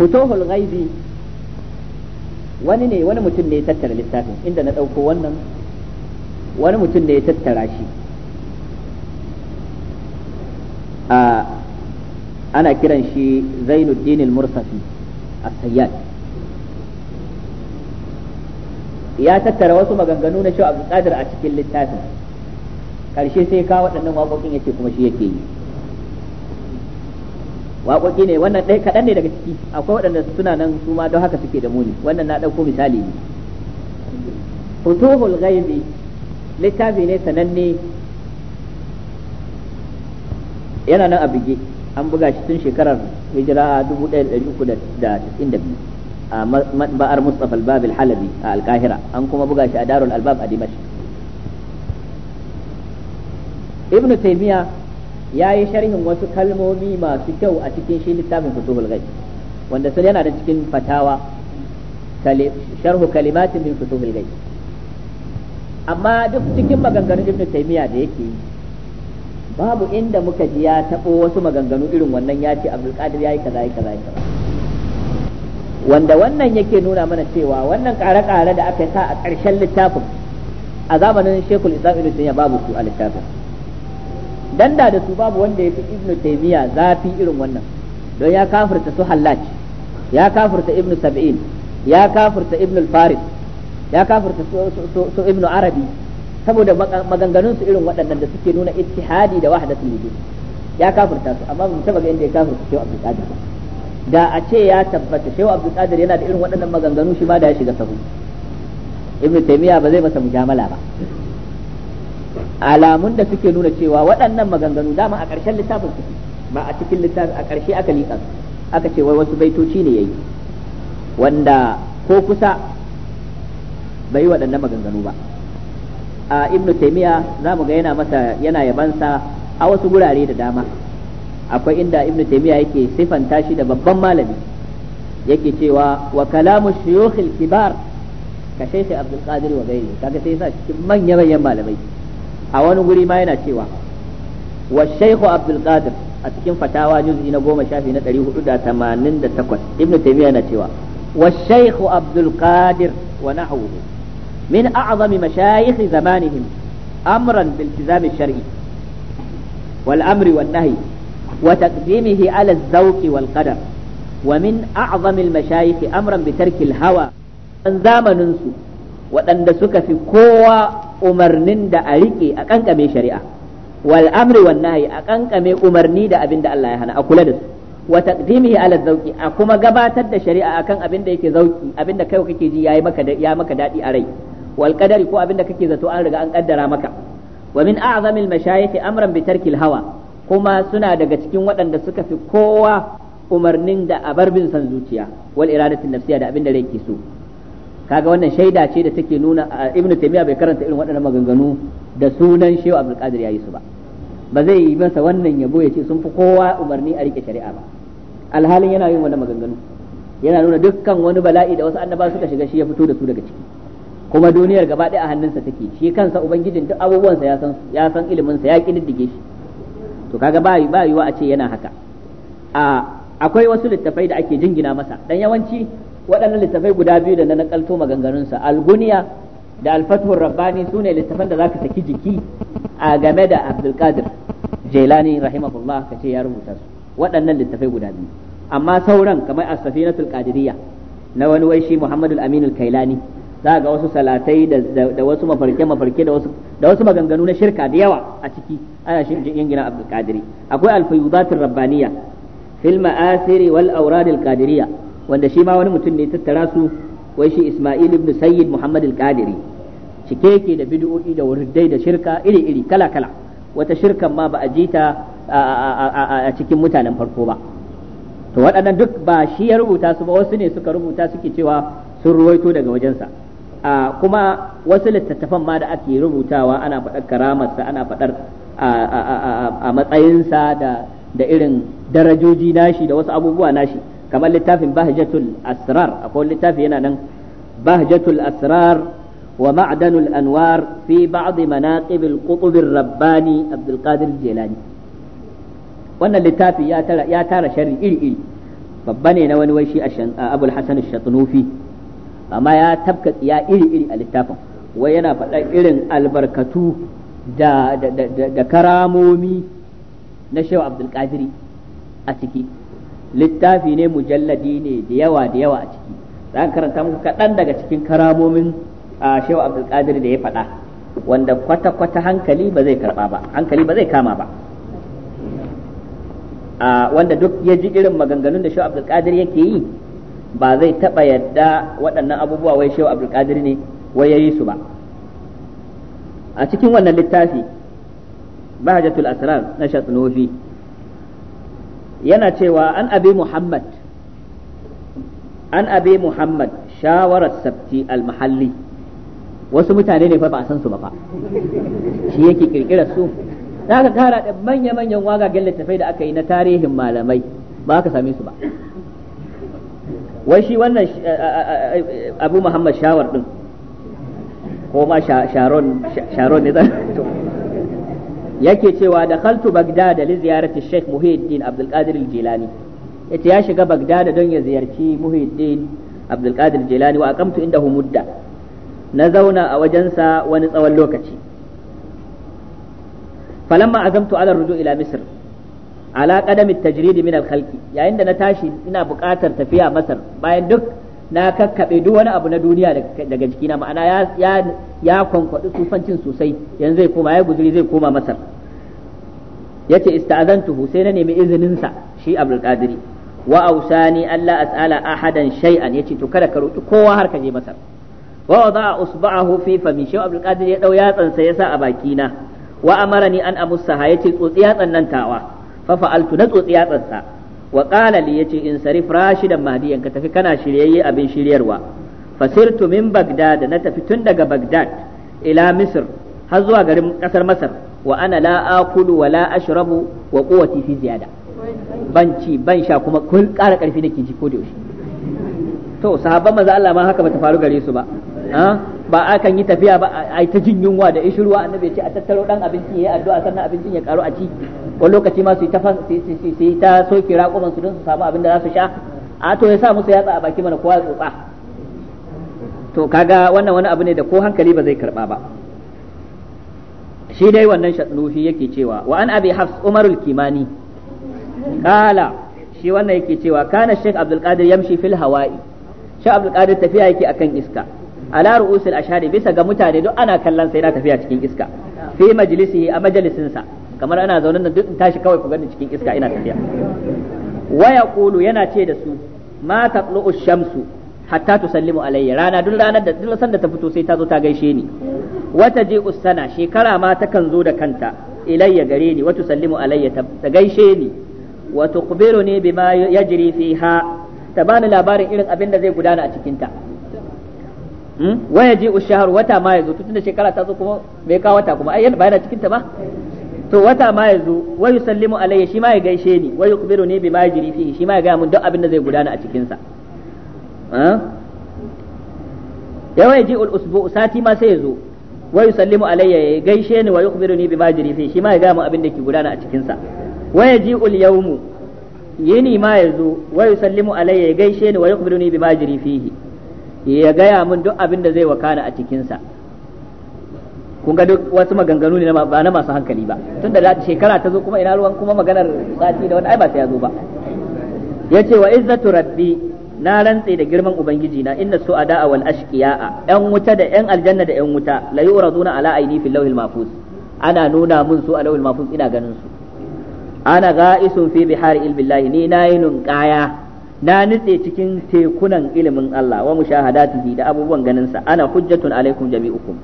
futuhul ghaibi wani ne wani mutum ne ya tattara littafin inda na ɗauko wannan wani mutum ne ya tattara shi a ana kiran shi zainuddin al-mursafi as-sayyad ya tattara wasu maganganu na shi Abdul a cikin littafin ƙarshe sai ka waɗannan waƙoƙin yake kuma shi yake yi waƙoƙi ne wannan ɗaya kaɗan ne daga ciki akwai waɗanda suna nan su ma don haka suke da muni wannan na ɗauko misali ne futuhul ghaibi littafi ne sananne yana nan a bige an buga shi tun shekarar hijira 1392 a matba'ar Mustapha al halabi a Alkahira an kuma buga shi a Darul Albab a Dimashq Ibn Taymiyyah ya yi sharhin wasu kalmomi masu kyau a cikin shi littafin fusuhul ghaib wanda sun yana da cikin fatawa sharhu kalimatin min fusuhul ghaib amma duk cikin maganganun ibn taymiya da yake yi babu inda muka ji ya tabo wasu maganganu irin wannan ya ce abdul qadir yayi kaza yayi kaza kaza wanda wannan yake nuna mana cewa wannan kare-kare da aka sa a ƙarshen littafin a zamanin shekul islam ibn taymiya babu su a littafin dan da da su babu wanda ya fi ibnu taymiya zafi irin wannan don ya kafirta su hallaj ya kafirta ibnu sab'in ya kafirta ibnu al-farid ya kafirta su ibnu arabi saboda maganganun su irin waɗannan da suke nuna ittihadi da wahdatul wujud ya kafirta su amma mun taba ga inda ya kafirta Shehu Abdul Qadir da a ce ya tabbata Shehu Abdul Qadir yana da irin waɗannan maganganu shi ma da ya shiga sahu ibnu taymiya ba zai masa mujamala ba alamun da suke nuna cewa waɗannan maganganu dama a ƙarshen littafin suke ba a cikin littafin a ƙarshe aka liƙa aka ce wai wasu baitoci ne yayi wanda ko kusa bai waɗannan maganganu ba a ibn taymiya za mu ga yana masa yana yabansa a wasu gurare da dama akwai inda ibnu taymiya yake sifanta shi da babban malami yake cewa wa kalamu shuyukhil kibar ka shaykh abdul qadir wa gairi kaga sai yasa cikin manya manyan malamai a wani guri ma yana cewa wa shaykhu abdul qadir a cikin fatawa juz'i na goma shafi na 488 ibnu taymiya yana cewa wa shaykhu abdul qadir wa nahwuhu min a'zami mashayikh zamanihim amran bil iltizam ash-shar'i wal amri wan nahyi wa taqdimihi ala az-zawqi wal qadar ومن أعظم المشايخ أمرا بترك الهوى أن زامننسو وأن سكف كوى umarnin da a riƙe a ƙanƙame shari'a wal amri wan nahyi a kankame umarni da abin da Allah ya hana a kula da su wa taqdimihi ala zawqi a kuma gabatar da shari'a akan abin da yake zauki abin da kai kake ji yayi maka ya maka dadi a rai wal qadari ko abin da kake zato an riga an kaddara maka wa min a'zamil mashayikh amran bi tarkil hawa kuma suna daga cikin waɗanda suka fi kowa umarnin da a barbin san zuciya wal iradatin nafsiya da abin da rai ke so kaga wannan shaida ce da take nuna ibnu taymiya bai karanta irin waɗannan maganganu da sunan shehu abdul qadir yayi su ba ba zai yi masa wannan yabo ya ce sun fi kowa umarni a rike shari'a ba alhalin yana yin wannan maganganu yana nuna dukkan wani bala'i da wasu annaba suka shiga shi ya fito da su daga ciki kuma duniyar gaba ɗaya a hannunsa take shi kansa ubangijin duk abubuwansa ya san ya san ilimin sa ya kididdige shi to kaga ba ba yiwa a ce yana haka a akwai wasu littafai da ake jingina masa dan yawanci waɗannan littafai guda biyu da na nakalto maganganunsa alguniya da alfathur rabbani su ne littafan da zaka saki jiki a game da abdulkadir jailani rahimahullah ce ya rubuta su waɗannan littafai guda biyu amma sauran kamar asafinatul safinatul qadiriyya na wani waishi shi aminul kailani za ga wasu salatai da wasu mafarke mafarke da wasu maganganu na shirka da yawa a ciki ana shirin jin gina abdul akwai al-fuyudatur rabbaniyya fil ma'asiri wal awradil qadiriyya wanda shi ma wani mutum ne tattara su wai shi Isma'il ibn Sayyid Muhammad al-Qadiri cike yake da bid'o'i da wurdai da shirka iri-iri kala-kala wata shirkan ma ba a jita a cikin mutanen farko ba to waɗannan duk ba shi ya rubuta su ba wasu ne suka rubuta suke cewa sun ruwaito daga wajensa a kuma wasu littattafan ma da ake rubutawa ana faɗar karamarsa ana faɗar a matsayinsa da irin darajoji nashi da wasu abubuwa nashi kamar littafin bahjatul asrar akwai littafi yana nan bahjatul asrar wa ma'danul anwar fi ba'd manaqib al-qutub rabbani abdul qadir jilani wannan littafi ya tara ya tara iri iri babba ne na wani wai shi abul hasan ash amma ya tabka ya iri iri a littafin wai yana faɗa irin albarkatu da karamomi na sha abdul qadiri a ciki littafi ne mujalladi ne da yawa da yawa a ciki za ka karanta muku kaɗan daga cikin karamomin a shehu abdulkadir da ya faɗa wanda kwata-kwata hankali ba zai karɓa ba hankali ba zai kama ba a wanda duk ya ji irin maganganun da shehu abdulkadir yake yi ba zai taɓa yadda waɗannan abubuwa wai shehu abdulkadir ne wai ya yi su ba a cikin wannan littafi bahajatul asrar na shatsunofi yana cewa an abi muhammad an abi muhammad shawarar sabti al-mahalli wasu mutane ne fa ba san su ba fa shi yake kirkira su za ka kara da manya-manyan wagagen littattafai da aka yi na tarihin malamai ba ka same su ba wai shi wannan eh, eh, eh, abu muhammad shawar din ko ma sharon ne za yake cewa da khaltu bagdad li ziyarati sheikh muhiddin abdul qadir jilani yace ya shiga bagdad don ya ziyarci muhiddin abdul qadir jilani wa aqamtu indahu mudda na zauna a wajensa wani tsawon lokaci falamma azamtu ala ruju ila misr ala qadami at-tajrid min al-khalqi yayin da na tashi ina buƙatar tafiya masar bayan duk na kakkaɓe duk wani abu na duniya daga jikina ma'ana ya ya ya kwankwaɗi sosai yanzu zai koma ya guzuri zai koma masar yace ista'azantuhu sai na nemi izinin sa shi Abdul Qadiri wa ausani alla as'ala ahadan shay'an ce to kada ka roki kowa har ka je masar wa wada'a usba'ahu fi fami shi Abdul ya dau yatsansa ya sa a bakina wa amarani an amusaha ya ce tsotsi yatsan nan tawa fa fa'altu na tsotsi yatsansa wa qala li yace in sarif rashidan mahdiyan ka tafi kana shiryayye abin shiryarwa fasirtu min bagdad na tafi tun daga bagdad ila misr har zuwa garin kasar masar wa ana la akulu wa la ashrabu wa quwwati fi ziyada ban ci kuma kun ƙara ƙarfi nake ji ko da yaushe to sahabban manzo Allah ma haka bata faru gare su ba ba a kan yi tafiya ba a ai ta jin yunwa da ishirwa annabi ya ce a tattaro dan abincin yayi addu'a sannan abincin ya karu a ci wani lokaci ma su yi ta ta soke raƙuman su don su samu abin da za su sha a to ya sa musu yatsa a baki mana kowa tsotsa to kaga wannan wani abu ne da ko hankali ba zai karba ba shi dai wannan shatnufi yake cewa wa an abi hafs umarul kimani kala shi wannan yake cewa kana shek abdul qadir yamshi fil hawa'i sheikh abdul qadir tafiya yake akan iska ala ru'usil ashari bisa ga mutane duk ana kallon sai na tafiya cikin iska fi majlisihi a majalisinsa kamar ana zaune nan duk in tashi kawai ku gani cikin iska ina tafiya waya kulu yana ce da su ma taqlu shamsu hatta tusallimu alayya rana duk ranar da duk sanda ta fito sai ta zo ta gaishe ni wata ji usana shekara ma takan zo da kanta ilayya gare ni wa tusallimu alayya ta gaishe ni wa tuqbiruni bima yajri fiha ta bani labarin irin abin da zai gudana a cikin ta hmm? waya ji ushahar wata ma ya zo tun da shekara ta zo kuma bai kawo wata kuma ai yana cikin ta ba to wata ma ya zo wa yusallimu alayya shi ma ya gaishe ni wa yukhbiruni bima yajri fihi shi ma ya ga mun duk abin da zai gudana a cikin sa yawa yaji ul usbu sati ma sai ya zo wa yusallimu alayya ya gaishe ni wa yukhbiruni bima yajri fihi shi ma ya ga mun abin da ke gudana a cikin sa wa yaji ul yawmu yini ma ya zo wa yusallimu alayya ya gaishe ni wa yukhbiruni bima yajri fihi ya gaya mun duk abin da zai wakana a cikin sa kun ga duk wasu maganganu ne ba na masu hankali ba tun da shekara ta zo kuma ina ruwan kuma maganar sati da wani ai ba sai ya zo ba yace wa izzatu rabbi na rantse da girman ubangiji na inna su'ada wal ashqiya'a yan wuta da yan aljanna da yan wuta la yuraduna ala aini fil lawhil mahfuz ana nuna mun su a lawhil mahfuz ina ganin su ana ga'isun fi bihari ilbillahi ni yi ninkaya na nitse cikin tekunan ilimin Allah wa mushahadatihi da abubuwan ganin sa ana hujjatun alaikum jami'ukum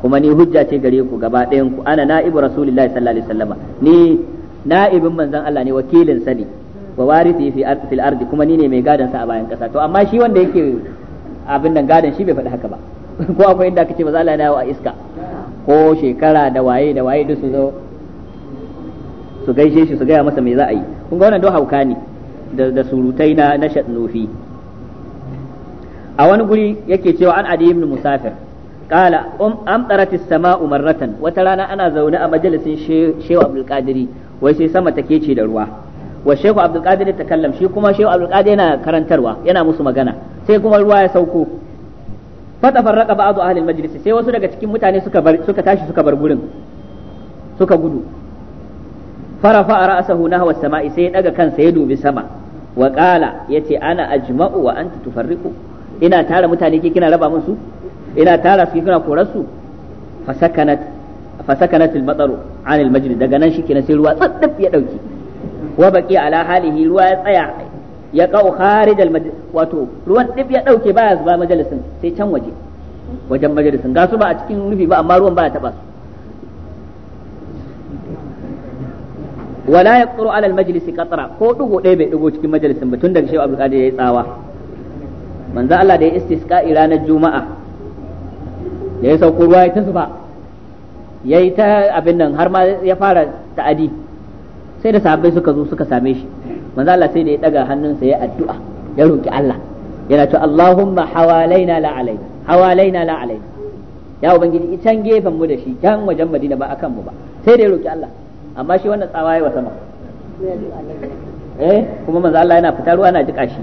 kuma ni hujja ce gare ku gaba ɗayan ku ana na'ibu rasulullahi sallallahu alaihi wasallama ni na'ibin manzon Allah ne wakilin sani. ne wa warithi fi fil ardi kuma ni ne mai gadan sa a bayan kasa to amma shi wanda yake abin nan gadan shi bai faɗi haka ba ko akwai inda kace manzon Allah yana a iska ko shekara da waye da waye duk su zo su gaishe shi su gaya masa me za a yi kun ga wannan don hauka ne da surutai na na shadnufi a wani guri yake cewa an adi ibn musafir qala um amtaratis sama'u marratan wata rana ana zaune a majalisin shehu abdul wai sai sama take ce da ruwa wa shehu abdul ta kallam shi kuma shehu abdul yana karantarwa yana musu magana sai kuma ruwa ya sauko fatafarraqa ba'du ahli majlis sai wasu daga cikin mutane suka tashi suka bar gurin suka gudu farafa ra'sahu nahwa as-sama'i sai ya daga kansa ya dubi sama wa yace ana ajma'u wa anta ina tara mutane ke kina raba musu ina tara su kira korar su fasakanat fasakanat al-mataru an al-majlis daga nan shikenan sai ruwa tsaddaf ya dauki wa baqi ala halihi ruwa ya tsaya ya kau kharij al-majlis wato ruwan dib ya dauke ba zuba majalisin sai can waje wajen majalisin ga su ba a cikin rufi ba amma ruwan ya taba su wala yaqru ala al-majlis qatra ko dugo ɗaya bai dugo cikin majalisin ba tun daga shehu abdul qadir yayi tsawa manzo Allah da ya istisqa ranar juma'a ya yi sauko ruwa ya ta zuba ya yi ta abin nan har ma ya fara ta'adi sai da sahabbai suka zo suka same shi manzo Allah sai da ya daga hannunsa ya addu'a ya roki Allah yana cewa Allahumma hawalaina la alai hawalaina la alai ya ubangiji can gefen mu da shi can wajen Madina ba akan mu ba sai da ya roki Allah amma shi wannan tsawa yi wa sama eh kuma manzo Allah yana fita ruwa yana jika shi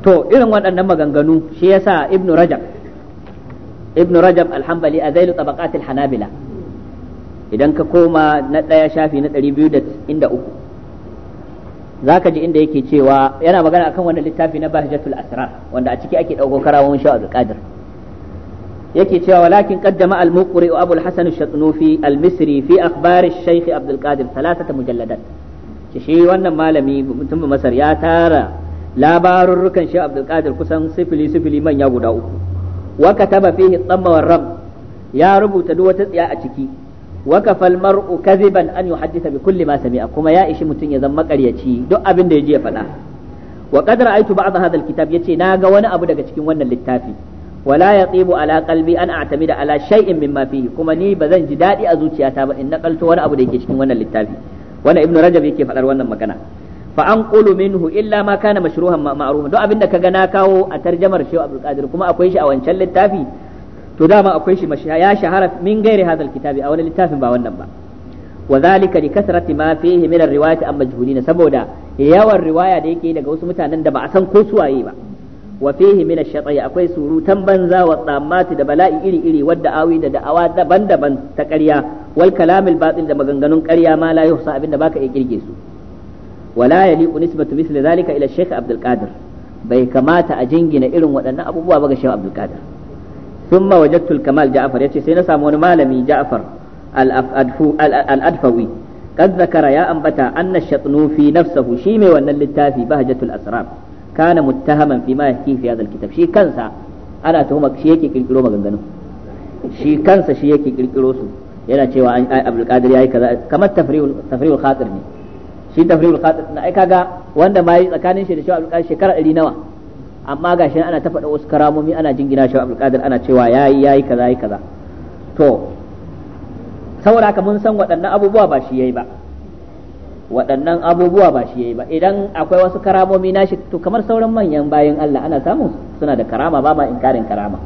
to irin waɗannan maganganu shi yasa ibnu rajab ibnu rajab al-hanbali a zailu tabaqatil hanabila idan ka koma na ɗaya shafi na ɗari biyu da inda uku za ka inda yake cewa yana magana akan wannan littafi na bahjatul asrar wanda a ciki ake ɗauko karawon sha al yake cewa walakin kaddama al-muqri abu al-hasan ash-shatnufi al-misri fi akhbar ash-shaykh abd al-qadir wannan malami mutumin masar ya tara labarurrukan shi abd al kusan sifili sifili manya guda uku wa kataba fihi tsamma war ya rubuta duk wata tsiya a ciki wa kafal mar'u kadhiban an yuhaddisa bi kulli ma sami'a kuma ya ishi mutun ya zama makaryaci duk abin da yaji ya faɗa wa qad ra'aytu ba'd hadha ya yace na ga wani abu daga cikin wannan littafi wala yaqibu ala qalbi an a'tamida ala shay'in mimma fihi kuma ni bazan ji dadi a zuciyata ba in nakalto wani abu da yake cikin wannan littafi wannan ibnu rajab yake faɗar wannan magana fa anqulu minhu illa ma kana mashruhan ma'rufan duk abinda kaga na kawo a tarjamar Shehu Abdul Qadir kuma akwai shi a wancan littafi to dama akwai shi ya shahara min gairi hadal kitabi a wani littafin ba wannan ba wa zalika li kasrati ma fihi min ar-riwayati an saboda yawan riwaya da yake daga wasu mutanen da ba a san ko su waye ba wa fihi min ash-shatai akwai surutan banza wa tsammati da bala'i iri iri wadda awi da da'awa daban-daban ta karya wal kalamil batil da maganganun ƙarya ma la abin da baka iya kirge su wala yaliqu nisbatu misli zalika ila Sheikh Abdul Qadir bai kamata a jingina irin waɗannan abubuwa ba ga Sheikh Abdul Qadir thumma wajadtu al-kamal Ja'far yace sai na samu wani malami Ja'far al-Adfawi قد ذكر يا أنبتا أن الشطنوفي نفسه شيمي وأن اللتافي بهجة الأسرار كان متهما فيما يحكيه في هذا الكتاب شي كنسا أنا تهمك شي كنكرو مغنغنو شي كنسا شي يكي كنكرو سو yana cewa abdulkadir ya yi kaza kamar tafriul khatir ne shi tafriqul khatis na aika ga wanda ma yi tsakanin shi da shi Abdul shekara iri nawa amma shi ana ta faɗa wasu karamomi ana jingina shi Abdul Qadir ana cewa yayi yayi kaza yayi kaza to saboda haka mun san waɗannan abubuwa ba shi yayi ba waɗannan abubuwa ba shi yayi ba idan akwai wasu karamomi nashi to kamar sauran manyan bayan Allah ana samu suna da karama ba ma inkarin karama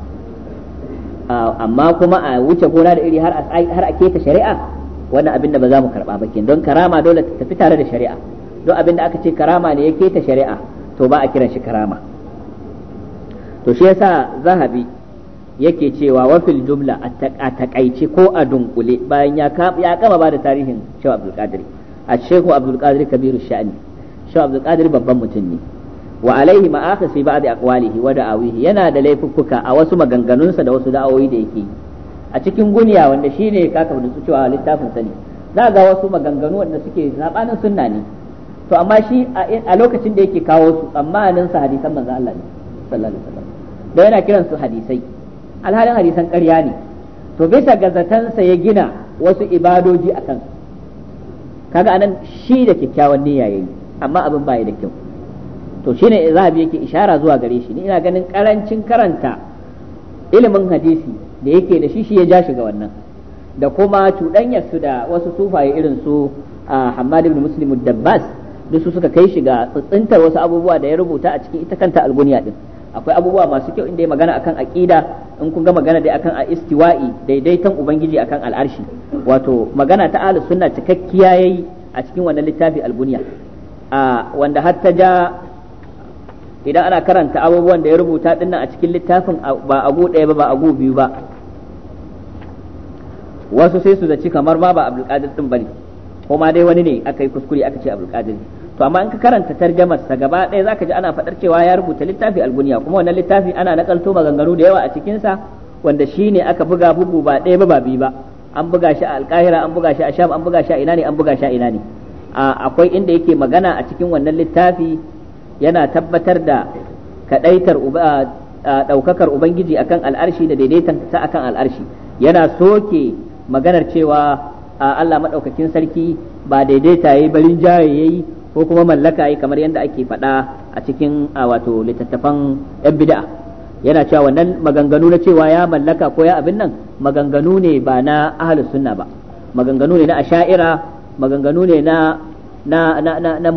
ah, amma kuma a wuce gona da iri har a keta shari'a wannan abin da ba za mu karba ba don karama dole ta tafi tare da shari'a don abin da aka ce karama ne ya ta shari'a to ba a kiran shi karama to shi yasa zahabi yake cewa wa fil jumla a takaice ko a dunkule bayan ya ya kama ba da tarihin Shehu Abdul Qadir a Shehu Abdul Qadir kabiru sha'ani Shehu Abdul Qadir babban mutum ne wa alaihi ba ba'd aqwalihi wa da'awihi yana da laifukuka a wasu maganganunsa da wasu da'awoyi da yake yi a cikin guniya wanda shi shine ka ka su cewa littafin sani za ga wasu maganganu wanda suke zaɓanin sunna ne to amma shi a lokacin da yake kawo su tsammanin sa hadisan manzo Allah ne sallallahu alaihi wasallam da yana kiran su hadisai alhalin hadisan ƙarya ne to bisa ga sa ya gina wasu ibadoji a kaga anan shi da kyakkyawan niyya yayi amma abin ba da kyau to shine zahabi yake ishara zuwa gare shi ni ina ganin karancin karanta ilimin hadisi da yake da shi shi ya ja shi ga wannan da kuma cuɗanyar su da wasu sufaye irin su Hammad ibn Muslim dabbas duk su suka kai shi ga tsintsintar wasu abubuwa da ya rubuta a cikin ita kanta algunya din akwai abubuwa masu kyau inda ya magana akan aqida in kun ga magana dai akan istiwa'i daidaiton ubangiji akan al'arshi wato magana ta ahlus sunna cikakkiya yayi a cikin wannan littafi algunya a wanda har ta ja idan ana karanta abubuwan da ya rubuta dinnan a cikin littafin ba abu ɗaya ba ba biyu ba wasu sai su zaci kamar ma ba Abdul Qadir din bane ko ma dai wani ne aka yi kuskure aka ce Abdul Qadir to amma in ka karanta tarjamar sa gaba ɗaya zaka ji ana fadar cewa ya rubuta littafi alguniya kuma wannan littafi ana nakalto maganganu da yawa a cikin sa wanda shine aka buga bugu ba ɗaya ba ba biyu ba an buga shi a alkahira an buga shi a sham an buga shi a ina ne an buga shi a ina ne akwai inda yake magana a cikin wannan littafi yana tabbatar da kadaitar daukakar ubangiji akan al'arshi da daidaitan ta akan al'arshi yana soke maganar cewa Allah maɗaukakin sarki ba daidai daidaita yi barin ya yi ko kuma mallaka yi kamar yadda ake faɗa a cikin wato littattafan yan bid'a yana cewa wannan maganganu na cewa ya mallaka ko ya abin nan maganganu ne ba na ahalus sunna ba maganganu ne na asha'ira maganganu ne na na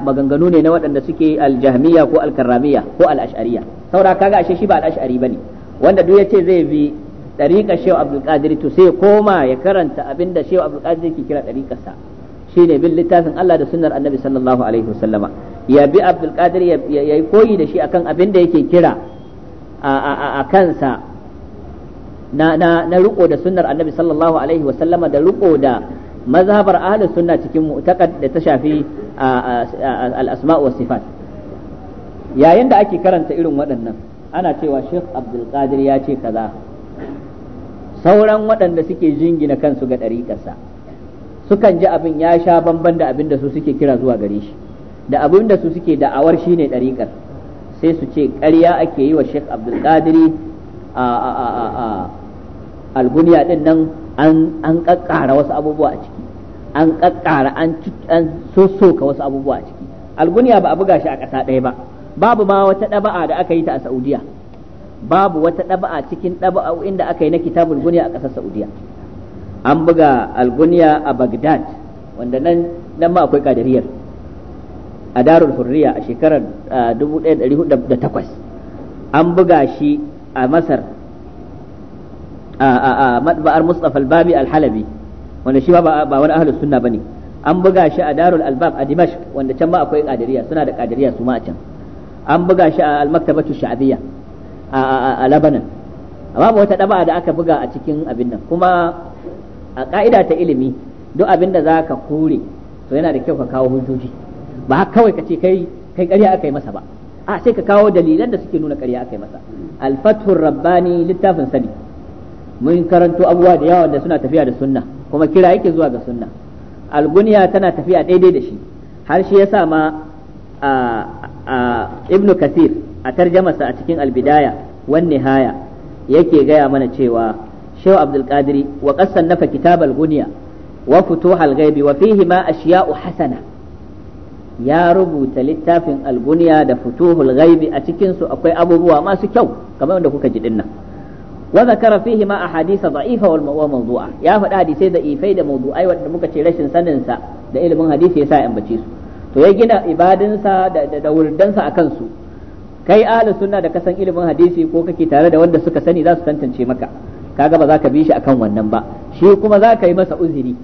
maganganu ne na waɗanda suke aljahmiya ko alkarramiya ko al'ashariya saura kaga ashe shi ba al'ashari ne wanda duk ce zai bi dariƙa shehu abdul qadir to koma ya karanta abinda shehu abdul qadir ke kira dariƙarsa shine bin littafin Allah da sunnar annabi sallallahu alaihi abdul qadir ya koyi da shi akan abin da yake kira a kansa na na na riko da sunnar annabi sallallahu da riko da mazhabar ahlus sunna cikin mu'taqad ta shafi al asma' sifat yayin da ake karanta irin waɗannan ana cewa sheikh abdul qadir ya ce kaza sauran waɗanda suke jingina kansu ga ɗariƙarsa sukan ji abin ya sha bamban da abin da su suke kira zuwa gare shi da abin da su suke da'awar shi ne ɗariƙar sai su ce ƙarya ake yi wa sheikh abdulkadiri a alguniya ɗin nan an ƙaƙƙara wasu abubuwa a ciki an ƙaƙƙara an sosoka wasu abubuwa a ciki alguniya ba a buga shi a ƙasa ɗaya ba babu ma wata ɗaba'a da aka yi ta a saudiya babu wata ɗaba'a cikin ɗaba'a inda aka yi na kitabul gunya a ƙasar saudiya an buga algunya a bagdad wanda nan nan ma akwai kadiriyar a darul hurriya a shekarar 1408 an buga shi a masar a matba'ar mustapha albami alhalabi wanda shi ba wani ahalus sunna ne. an buga shi a darul albab a dimashq wanda can ma akwai kadiriya suna da kadiriya su ma a can an buga shi a almaktabatu sha'abiyya a labanan babu wata daba da aka buga a cikin abin nan kuma a ka'ida ta ilimi duk abin da za ka kore to yana da kyau ka kawo hujjoji ba kawai ka ce kai kai ƙarya aka yi masa ba a sai ka kawo dalilan da suke nuna ƙarya aka yi masa alfathur rabbani littafin sani mun karanto abubuwa da yawa da suna tafiya da sunna kuma kira yake zuwa ga sunna alguniya tana tafiya daidai da shi har shi yasa ma ibnu kasir a tarjamarsa a cikin albidaya wan nihaya yake gaya mana cewa shehu abdul qadiri wa qasannafa kitab al-gunya wa futuh al-ghaibi wa fihi ma ashiya'u hasana ya rubuta littafin al da futuhul ghaibi a cikin su akwai abubuwa masu kyau kamar wanda kuka ji dinnan wa zakara fihi ma ahadisa da'ifa wal mawdu'a ya faɗa hadisai da'ifai da mawdu'ai wanda muka ce rashin sanin sa da ilimin hadisi yasa ya ambace su to ya gina ibadinsa da da wurdansa akan su kai ahlus sunna da kasan ilimin hadisi ko kake tare da wanda suka sani za su tantance maka kaga ba za ka bi shi akan wannan ba shi kuma za ka yi masa uzuri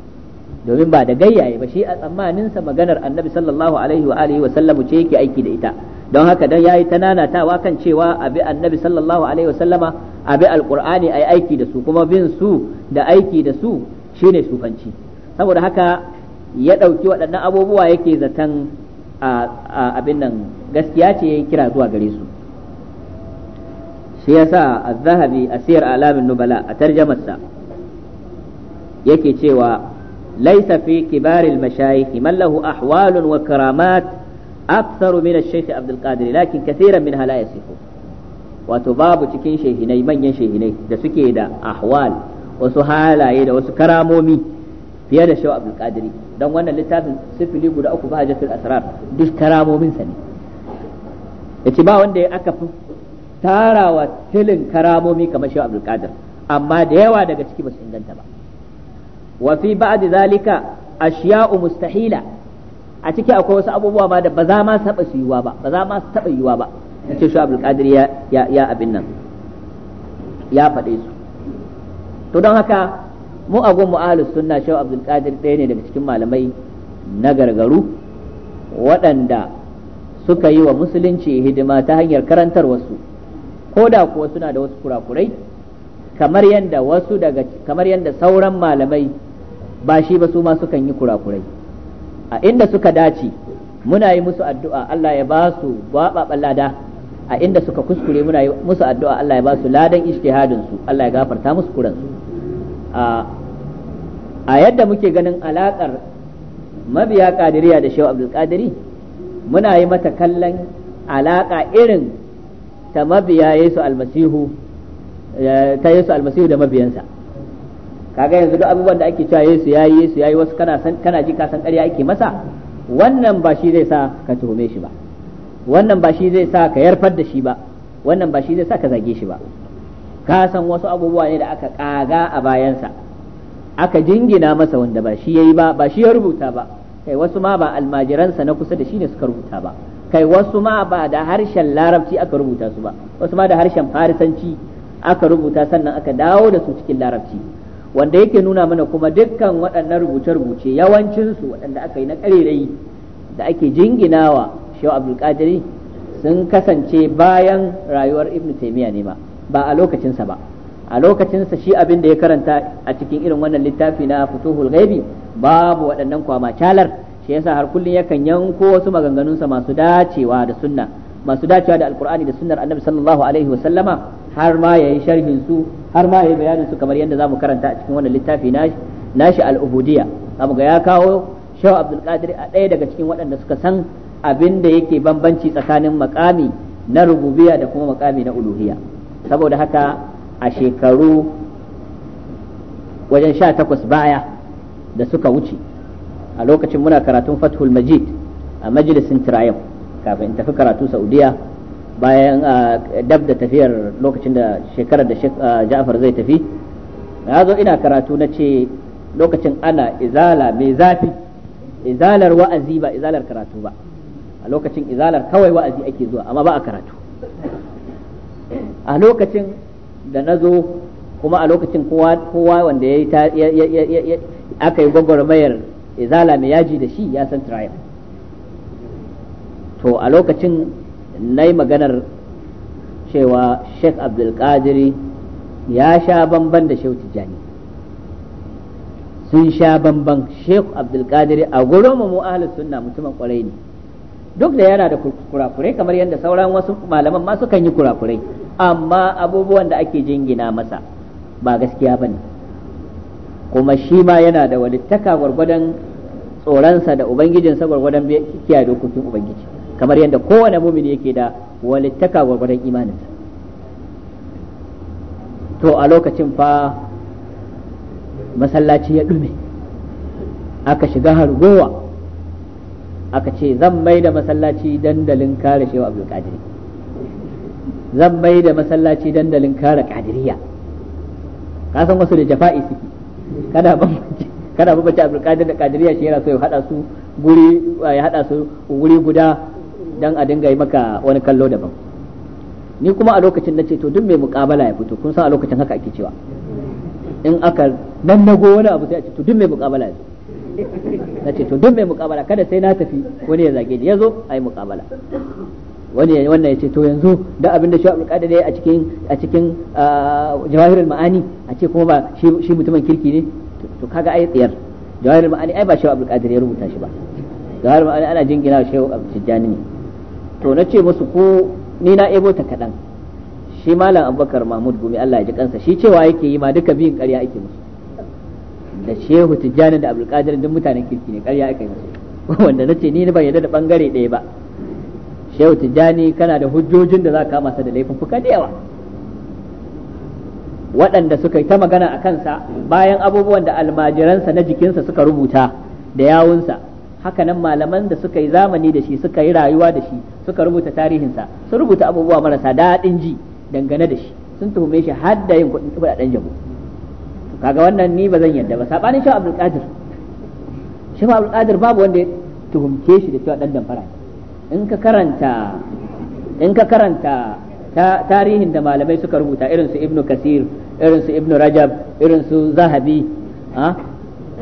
domin ba da gayyaye ba shi a tsammanin sa maganar annabi sallallahu alaihi wa alihi wa ce yake aiki da ita don haka dan yayi ta nanatawa kan cewa abi annabi sallallahu alaihi wa sallama abi alqur'ani ai aiki da su kuma bin su da aiki da su shine sufanci saboda haka ya dauki waɗannan abubuwa yake zaton a abin nan gaskiya ce ya yi kira zuwa gare su shi yasa az-zahabi asir alamin nubala a tarjamarsa yake cewa laysa fi kibar al-mashayikh man lahu ahwalun wa karamat aktharu min ash-shaykh Abdul Qadir lakin kathiran min la yasifu wato babu cikin shehinai manyan shehinai da suke da ahwal wasu halaye da wasu karamomi fiye da Shehu Abdul Qadir dan wannan littafin sifili guda uku ba hajjatul asrar duk karamomin sa ne yace ba wanda ya aka fi tarawa tilin karamomi kamar shi Abdul Qadir amma da yawa daga ciki basu inganta ba wa fi ba'd zalika ashiya'u mustahila a ciki akwai wasu abubuwa ma da ba za ma saba su ba ba za ma saba yiwa ba yace shi Abdul Qadir ya ya abin nan ya faɗe su to don haka mu a gun mu'alus sunna shi abdul qadir ɗaya ne daga cikin malamai na gargaru waɗanda suka yi wa musulunci hidima ta hanyar karantar wasu ko da kuwa suna da wasu kurakurai kamar yadda wasu daga kamar yadda sauran malamai ba shi ba su ma sukan yi kurakurai a inda suka dace muna yi musu addu'a Allah ya ba su gwaɓaɓa lada a inda suka kuskure muna yi musu addu'a Allah ya ba su ladan ijtihadin su Allah ya gafarta musu kuran su a yadda muke ganin alakar mabiya kadiriya da shehu abdul kadiri muna yi mata kallon alaƙa irin ta mabiya Yesu almasihu ta Yesu almasihu da mabiyansa kaga yanzu duk abubuwan da ake cewa Yesu ya yi Yesu ya yi wasu kana san kana ji ka san ƙarya ake masa wannan ba shi zai sa ka tuhume shi ba wannan ba shi zai sa ka yarfar da shi ba wannan ba shi zai sa ka zage shi ba ka san wasu abubuwa ne da aka kaga a bayansa aka jingina masa wanda ba shi yayi ba ba shi ya rubuta ba kai wasu ma ba almajiransa na kusa da shi ne suka rubuta ba kai wasu ma ba da harshen larabci aka rubuta su ba wasu ma da harshen farisanci aka rubuta sannan aka dawo da su cikin larabci wanda yake nuna mana kuma dukkan waɗannan rubuce-rubuce yawancinsu waɗanda aka yi na ƙarerayi da ake jinginawa shehu abdulkadiri sun kasance bayan rayuwar ibn taimiyya ne ma ba a lokacinsa ba a lokacinsa shi abin da ya karanta a cikin irin wannan littafi na futuhul ghaibi babu waɗannan kwama calar shi yasa har kullun yakan yanko wasu maganganunsa masu dacewa da sunna masu dacewa da alkur'ani da sunnar annabi sallallahu alaihi wa sallama har ma yayi sharhin su har ma yayi bayanin su kamar yadda zamu karanta a cikin wannan littafi nashi nashi al-ubudiyya zamu ga ya kawo Shehu Abdul Qadir a ɗaya daga cikin waɗanda suka san abin da yake bambanci tsakanin makami na rububiyya da kuma makami na uluhiyya saboda haka a shekaru wajen sha takwas baya da suka wuce a lokacin muna karatun fathul majid a majalisin tirayim kafin in tafi karatu saudiya bayan dab da tafiyar lokacin da shekarar da ja'far zai tafi na zo ina karatu na ce lokacin ana izala mai zafi izalar wa'azi ba izalar karatu ba a lokacin izalar kawai wa'azi ake zuwa amma ba a karatu a lokacin da na zo kuma a lokacin kowa wanda ya aka yi gwagwarmayar izala mai yaji da shi ya san trial to a lokacin na yi maganar cewa sheikh abdulkadiri ya sha bamban da shehu tijjani sun sha bamban sheikh abdulkadiri a gurin mu ahlus sunna mutumin kwarai ne duk da yana da kurakurai kamar yadda sauran wasu malaman ma sukan yi kurakurai amma abubuwan da ake jingina masa ba gaskiya bane kuma shi ma yana da walittaka gwargwadon tsoronsa da ubangijinsa gwargwadon kiyaye dokokin ubangiji kamar yadda kowane mumini yake da walittaka gwargwadon imaninsa to a lokacin fa masallaci ya dume aka shiga hargowa aka ce zan mai da masallaci dandalin kare shewa kadiri, zan mai da masallaci dandalin kare kadiriya kasan wasu da jafa'i suke kada ba kada ba bace abdulkadir da kadiriya shi yana so ya hada su guri ya hada su guri guda dan a dinga yi maka wani kallo daban ni kuma a lokacin ce to duk mai mukabala ya fito kun san a lokacin haka ake cewa in aka nan nago wani abu sai a ce to duk mai mukabala ya ce to duk mai mukabala kada sai na tafi wani ya zage ni yazo ayi mukabala wani wannan ya ce to yanzu da abin da Shu'aib al ne a cikin a cikin jawahirul ma'ani a ce kuma ba shi mutumin kirki ne to kaga ai tsiyar jawahirul ma'ani ai ba Shu'aib al ya rubuta shi ba jawahirul ma'ani ana jingina shi abul tijjani ne to na ce musu ko ni na ebo ta kadan shi malam Abubakar Mahmud Gumi Allah ya ji kansa shi cewa yake yi ma duka biyun ƙarya ake musu da Shehu Tijjani da abul Qadir duk mutanen kirki ne ƙarya ake musu wanda nace ni ban yadda da bangare ɗaya ba shehu tijjani kana da hujjojin da za ka kama sa da fuka da yawa waɗanda suka yi ta magana a kansa bayan abubuwan da almajiransa na jikinsa suka rubuta da yawunsa hakanan malaman da suka yi zamani da shi suka yi rayuwa da shi suka rubuta tarihinsa sun rubuta abubuwa marasa daɗin ji dangane da shi sun tuhume shi har da yin kuɗaɗen jabo kaga wannan ni ba zan yadda ba saɓanin babu wanda ya tuhumce shi da cewa ɗan damfara ne in ka karanta in ka karanta tarihin da malamai suka rubuta irin su ibnu kasir irin su ibnu rajab irin su zahabi ah,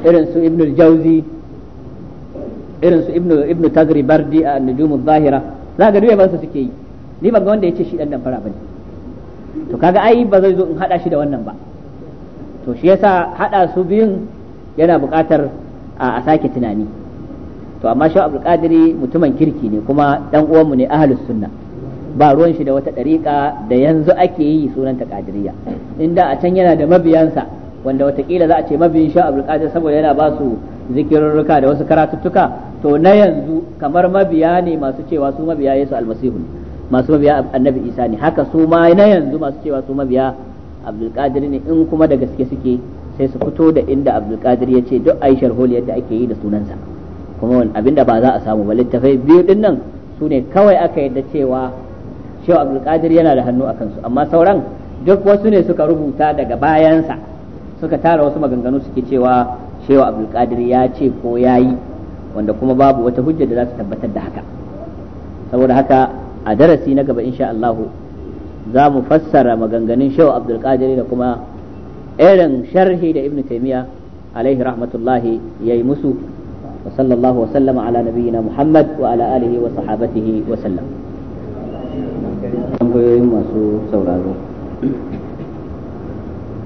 irin su ibnu jauzi irin su ibnu ibnu tagri bardi a nujumu zahira za ga duwe su suke yi ni ban ga wanda ce shi dan dan fara bane to kaga ai ba zai zo in hada shi da wannan ba to shi yasa hada su biyun yana buƙatar a sake tunani to amma sha abul qadiri mutumin kirki ne kuma dan uwanmu ne ahlus sunna ba ruwan shi da wata dariƙa da yanzu ake yi sunanta qadiriyya inda a can yana da mabiyansa wanda watakila za a ce mabiyin sha abul qadir saboda yana ba su zikirurruka da wasu karatuttuka to na yanzu kamar mabiya ne masu cewa su mabiya yesu almasihu masu mabiya annabi isa ne haka su ma na yanzu masu cewa su mabiya abdul qadir ne in kuma da gaske suke sai su fito da inda abdul qadir ya ce duk aishar holi yadda ake yi da sunansa kuma da ba za a samu ba littafai biyu din nan su ne kawai aka yadda cewa shehu abdulkadir yana da hannu a kansu amma sauran duk wasu ne suka rubuta daga bayansa suka tara wasu maganganu suke cewa shehu abdulkadir ya ce ko ya yi wanda kuma babu wata hujja da za su tabbatar da haka saboda haka a darasi na gaba insha Allah za mu fassara maganganun shehu abdulkadir da kuma irin sharhi da ibnu taymiya alaihi rahmatullahi ya musu وصلى الله وسلم على نبينا محمد وعلى آله وصحابته وسلم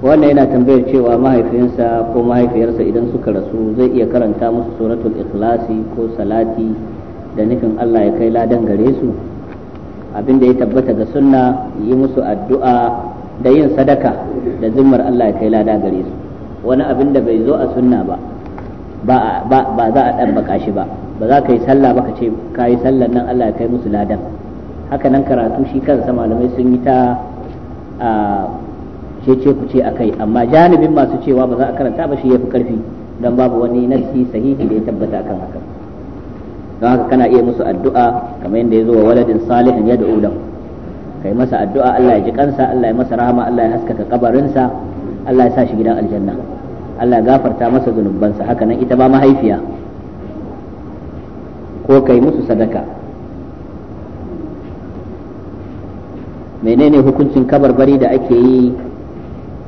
wannan yana tambayar cewa mahaifinsa ko mahaifiyarsa idan suka rasu zai iya karanta musu suratul ikhlasi ko salati da nufin Allah ya kai ladan gare su abinda ya tabbata ga sunna yi musu addu'a da yin sadaka da zimmar Allah ya kai lada gare su wani abin da bai zo a sunna ba ba za a dan baka shi ba ba za ka yi sallah ba ka ce ka yi sallah nan Allah ya kai musu ladan haka nan karatu shi kansa malamai sun yi ta a cece ku ce akai amma janibin masu cewa ba za a karanta ba shi yafi karfi dan babu wani nassi sahihi da ya tabbata akan haka don haka kana iya musu addu'a kamar yadda ya zo wa waladin salihin ya da'u lahu kai masa addu'a Allah ya ji kansa Allah ya masa rahama Allah ya haskaka kabarinsa Allah ya sa shi gidan aljanna Allah gafarta masa zunubansa haka nan ita ba mahaifiya ko kai musu sadaka menene hukuncin kabarbari da ake yi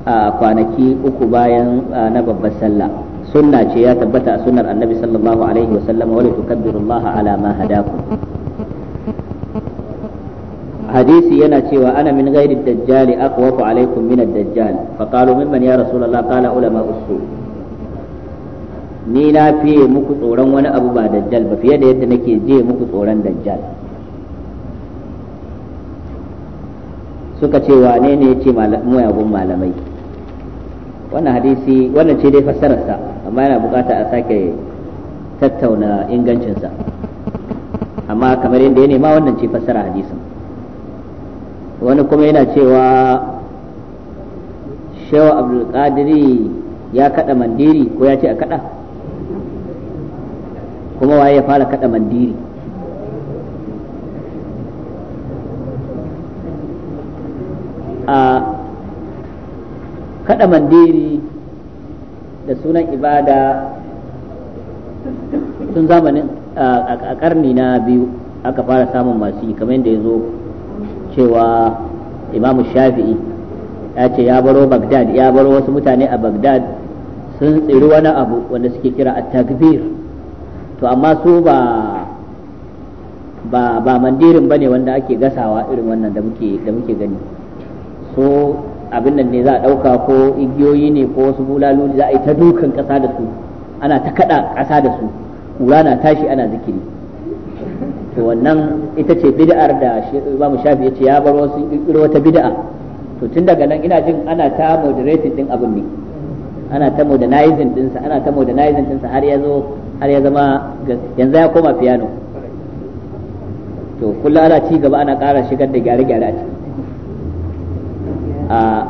a kwanaki uku bayan na babbar sallah sunna ce ya tabbata a sunnar annabi sallallahu alaihi wa sallam wa tukabbiru Allah ala ma hadakum hadisi yana cewa ana min ghairi dajjali aqwafu alaikum min ad-dajjal fa qalu mimman ya rasulullah qala ulama usul ni na fiye muku tsoron wani abu ba dajjal ba fiye da yadda nake je muku tsoron dajjal suka ce wane ne ya ce muyagun malamai wannan hadisi wannan ce dai fassararsa amma yana bukata a sake tattauna ingancinsa amma kamar yadda ya nema wannan ce fassara hadisin wani kuma yana cewa shewa abdulkadiri ya kada mandiri ko ya ce a kada kuma waye ya fara kada mandiri a kada mandiri da sunan ibada tun zamanin a karni na biyu aka fara samun masu yi kamar yadda ya zo cewa imamu shafi'i ya ce ya baro bagdad ya baro wasu mutane a bagdad sun tsiri wani abu wanda suke kira a takbir to amma su ba ba ba mandirin ne wanda ake gasawa irin wannan da muke gani so abin nan ne za a ɗauka ko igiyoyi ne ko wasu bulaloli za a yi ta dukan ƙasa da su ana ta kaɗa ƙasa da su ƙura na tashi ana zikiri to wannan ita ce bid'ar da Imam Shafi ya ce ya bar wasu kirkiro wata bid'a to tun daga nan ina jin ana ta moderating din abin ne ana ta modernizing din sa ana ta modernizing din sa har ya zo har ya zama yanzu ya koma piano to kullum ana ci gaba ana ƙara shigar da gyare-gyare a ciki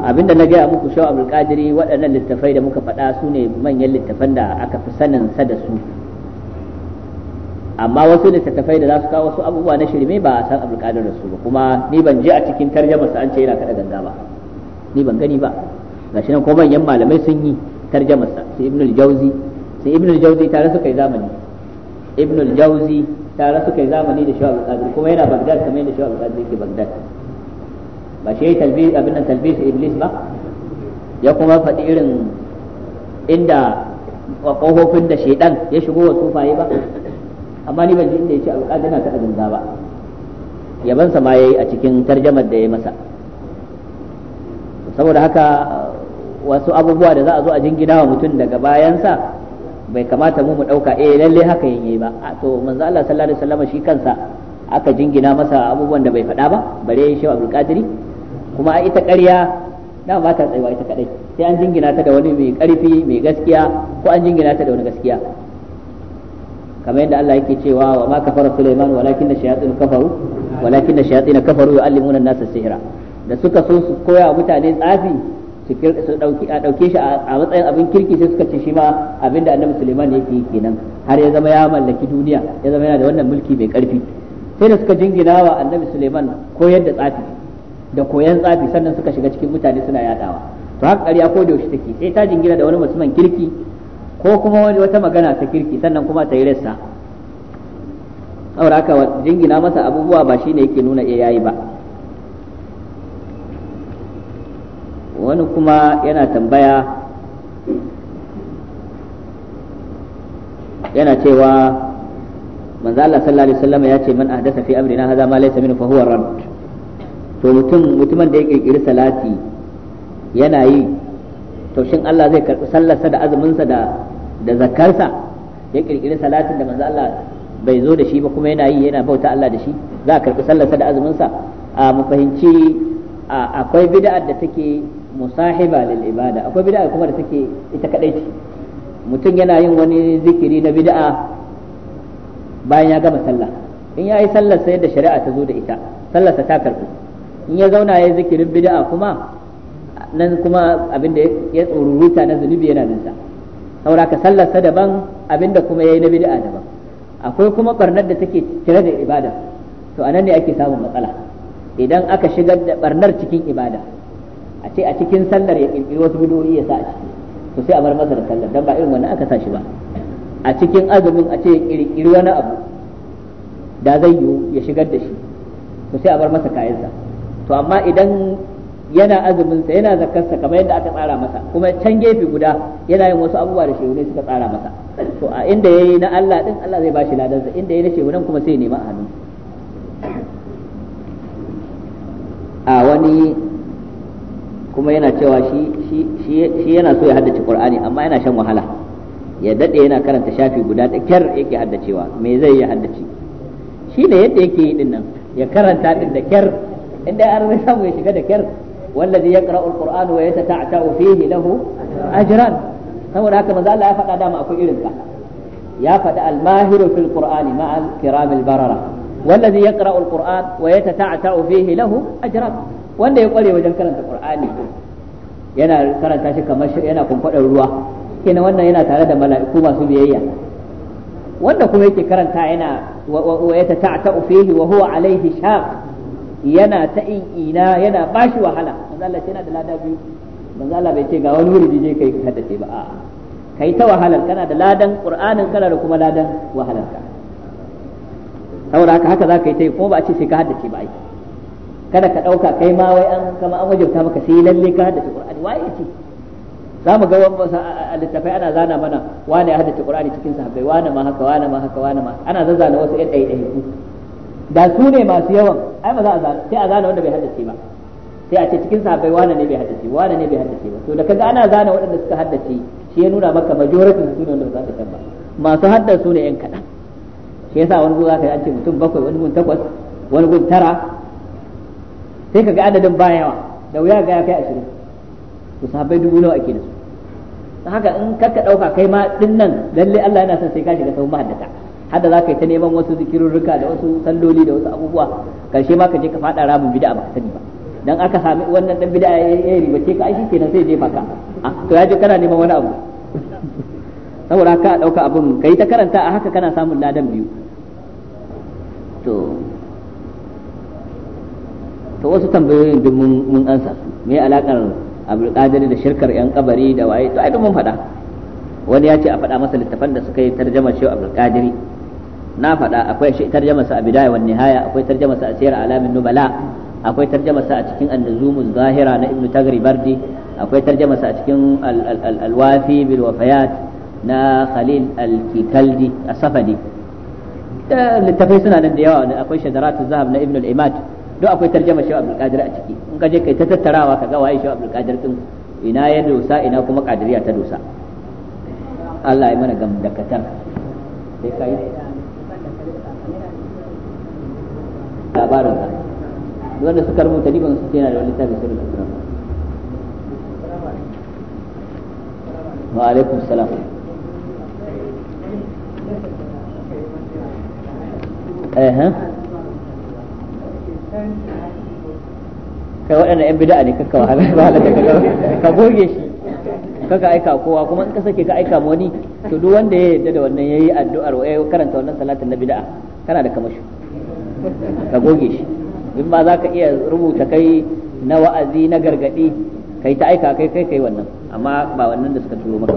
abinda na gaya muku shawar abdulkadiri waɗannan littafai da muka faɗa su ne manyan littafan da aka fi sanin sa da su amma wasu littattafai da za su kawo wasu abubuwa na shirme ba a san abdulkadir da su ba kuma ni ban je a cikin tarjama sa an ce yana kada ganga ba ni ban gani ba gashi nan ko manyan malamai sun yi tarjamar sa sai ibnul jauzi sai ibnul jauzi tare su kai zamani ibnul jauzi tare su kai zamani da shawar abdulkadir kuma yana bagdad kamar yadda shawar abdulkadir yake bagdad ba shi talbis abin nan talbis iblis ba ya kuma faɗi irin inda kofofin da shedan ya shigo wa sufaye ba amma ni ban ji inda yace alqadi na kada gunza ba yabansa ma yayi a cikin tarjamar da ya masa saboda haka wasu abubuwa da za a zo a jingina wa mutum daga bayansa bai kamata mu mu dauka eh lalle haka yayi ba a to manzo Allah sallallahu alaihi wasallam shi kansa aka jingina masa abubuwan da bai faɗa ba bare shi Abdul Qadiri kuma ita ƙarya da ba ta tsayawa ita kadai sai an jingina ta da wani mai ƙarfi mai gaskiya ko an jingina ta da wani gaskiya kamar yadda Allah yake cewa wa ma kafara Sulaiman walakin shayatin kafaru walakin shayatin kafaru yu'allimuna an-nasa sihra da suka so su koya mutane tsafi su dauki a dauke shi a matsayin abin kirki sai suka ce shi ma abin da Annabi Sulaiman yake yi kenan har ya zama ya mallaki duniya ya zama yana da wannan mulki mai karfi sai da suka jingina wa Annabi Sulaiman koyar da tsafi da koyan tsafi sannan suka shiga cikin mutane suna yadawa to haka ƙarya ko da yaushe take sai ta jingina da wani musulman kirki ko kuma wani wata magana ta kirki sannan kuma ta yi rassa saboda haka jingina masa abubuwa ba shine yake nuna iya eh yayi ba wani kuma yana tambaya yana cewa manzo Allah sallallahu alaihi wasallam ya ce man ahdasa fi amrina hadha ma laysa minhu fa huwa rad to mutum mutumin da ya kirkiri salati yana yi to shin Allah zai karɓi sallarsa da azuminsa da da zakarsa ya kirkiri salatin da manzo Allah bai zo da shi ba kuma yana yi yana bauta Allah da shi za a karɓi sallarsa da azuminsa a mu fahimci akwai bid'a da take musahiba lil ibada akwai bid'a kuma da take ita kadai ce mutum yana yin wani zikiri na bid'a bayan ya gama sallah in ya yi sallarsa yadda shari'a ta zo da ita sallarsa ta karɓi in ya zauna ya yi zikirin bid'a kuma nan kuma abin da ya tsoruruta na zunubi yana nan sa saboda ka sallarsa daban abin da kuma yayi na bid'a daban akwai kuma barnar da take cire da ibada to anan ne ake samun matsala idan aka shigar da barnar cikin ibada a ce a cikin sallar ya kirkiri wasu bidoyi ya sa a ciki to sai a bar masa da sallar dan ba irin wannan aka sa shi ba a cikin azumin a ce ya kirkiri wani abu da zai yi ya shigar da shi to sai a bar masa kayansa to amma idan yana azumin sa yana sa kamar yadda aka tsara masa kuma can gefe guda yana yin wasu abubuwa da shehune suka tsara masa to a inda yayi na Allah din Allah zai bashi ladan sa inda yayi na shehunan kuma sai nema a hannun a wani kuma yana cewa shi shi shi yana so ya haddace Qur'ani amma yana shan wahala ya dade yana karanta shafi guda da kyar yake haddacewa me zai ya haddace shi ne yadda yake yi din nan ya karanta din da kyar inda an samu ya shiga da kyar wallazi yaqra'u alqur'ana wa yatata'u fihi lahu ajran saboda haka manzo Allah ya faɗa dama akwai irin ka ya faɗi almahiru fil qur'ani ma'al kiramil barara wallazi yaqra'u alqur'an wa yatata'u fihi lahu ajran wanda ya kware wajen karanta qur'ani yana karanta shi kamar yana kumfadar ruwa kenan wannan yana tare da mala'iku masu biyayya wanda kuma yake karanta yana wa yatata'u fihi wa huwa alaihi shaq yana ta ina yana bashi wahala manzo Allah yana da lada biyu manzo Allah bai ce ga wani wuri je kai haddace ba a'a kai ta wahalar kana da ladan qur'anin kana da kuma ladan wahalar ka saboda haka haka za ka yi ta yi kuma ba a ce sai ka haddace ba ai kada ka ɗauka kai ma wai an kama an wajabta maka sai lalle ka haddace qur'ani waye ce za mu ga wani littafai ana zana mana wane ya haddace qur'ani cikin sahabbai wane ma haka wane ma haka wane ma ana zazzana wasu ɗaya ɗaya da su ne masu yawan ai ba za a zana sai a zana wanda bai haddace ba sai a ce cikin sahabbai wane ne bai haddace wane ne bai haddace ba to da kaga ana zana waɗanda suka haddace shi ya nuna maka majority su ne wanda ba su ba masu haddace su ne yan kaɗan shi yasa wani gun zaka yi an ce mutum bakwai wani gun takwas wani gun tara sai kaga adadin ba yawa da wuya ga ya kai ashirin to sahabbai dubu nawa ake da su dan haka in ka ɗauka kai ma din nan lalle Allah yana son sai ka shiga sahun mahaddata hadda za ka yi ta neman wasu zikirurruka da wasu salloli da wasu abubuwa karshe ma ka je ka faɗa ramin bid'a ba ka sani ba dan aka sami wannan dan bid'a ya yi ce ka aiki kenan sai je ka ah, to ya je kana neman wani abu saboda ka dauka abun kai ta karanta a haka kana samun ladan biyu to to wasu tambayoyin duk mun ansa su me alakar abul qadir da shirkar yan kabari da waye to ai duk mun faɗa wani ya ce a faɗa masa littafan da suka yi tarjama shi abul qadir na faɗa akwai shi tarjama sa a bidaya wa nihaya akwai tarjama sa a sayar alamin nubala akwai tarjamasa a cikin an-nuzumuz zahira na ibnu tagribardi akwai tarjamasa a cikin alwafi wafi bil wafayat na khalil al-kikaldi as-safadi littafai suna nan da yawa ne akwai shadaratu zahab na ibnu al-imad duk akwai tarjama shi abdul qadir a ciki in ka je kai ta tattarawa ka ga waye shi abdul qadir din ina ya dosa ina kuma qadiriya ta dosa Allah ya mana gam sai kai labarin wanda suka rubuta ni ban su ce yana da wani littafi sai rubuta wa alaikum salam eh kai waɗanda yan bida'a ne kakka wahala ka goge shi kaka aika kowa kuma in ka sake ka aika mu wani to duk wanda ya yarda da wannan yayi addu'ar wa karanta wannan salatin na bid'a kana da kamashi ka goge shi in ba za ka iya rubuta kai na wa'azi na gargadi kai ta aika kai kai kai wannan amma ba wannan da suka turo maka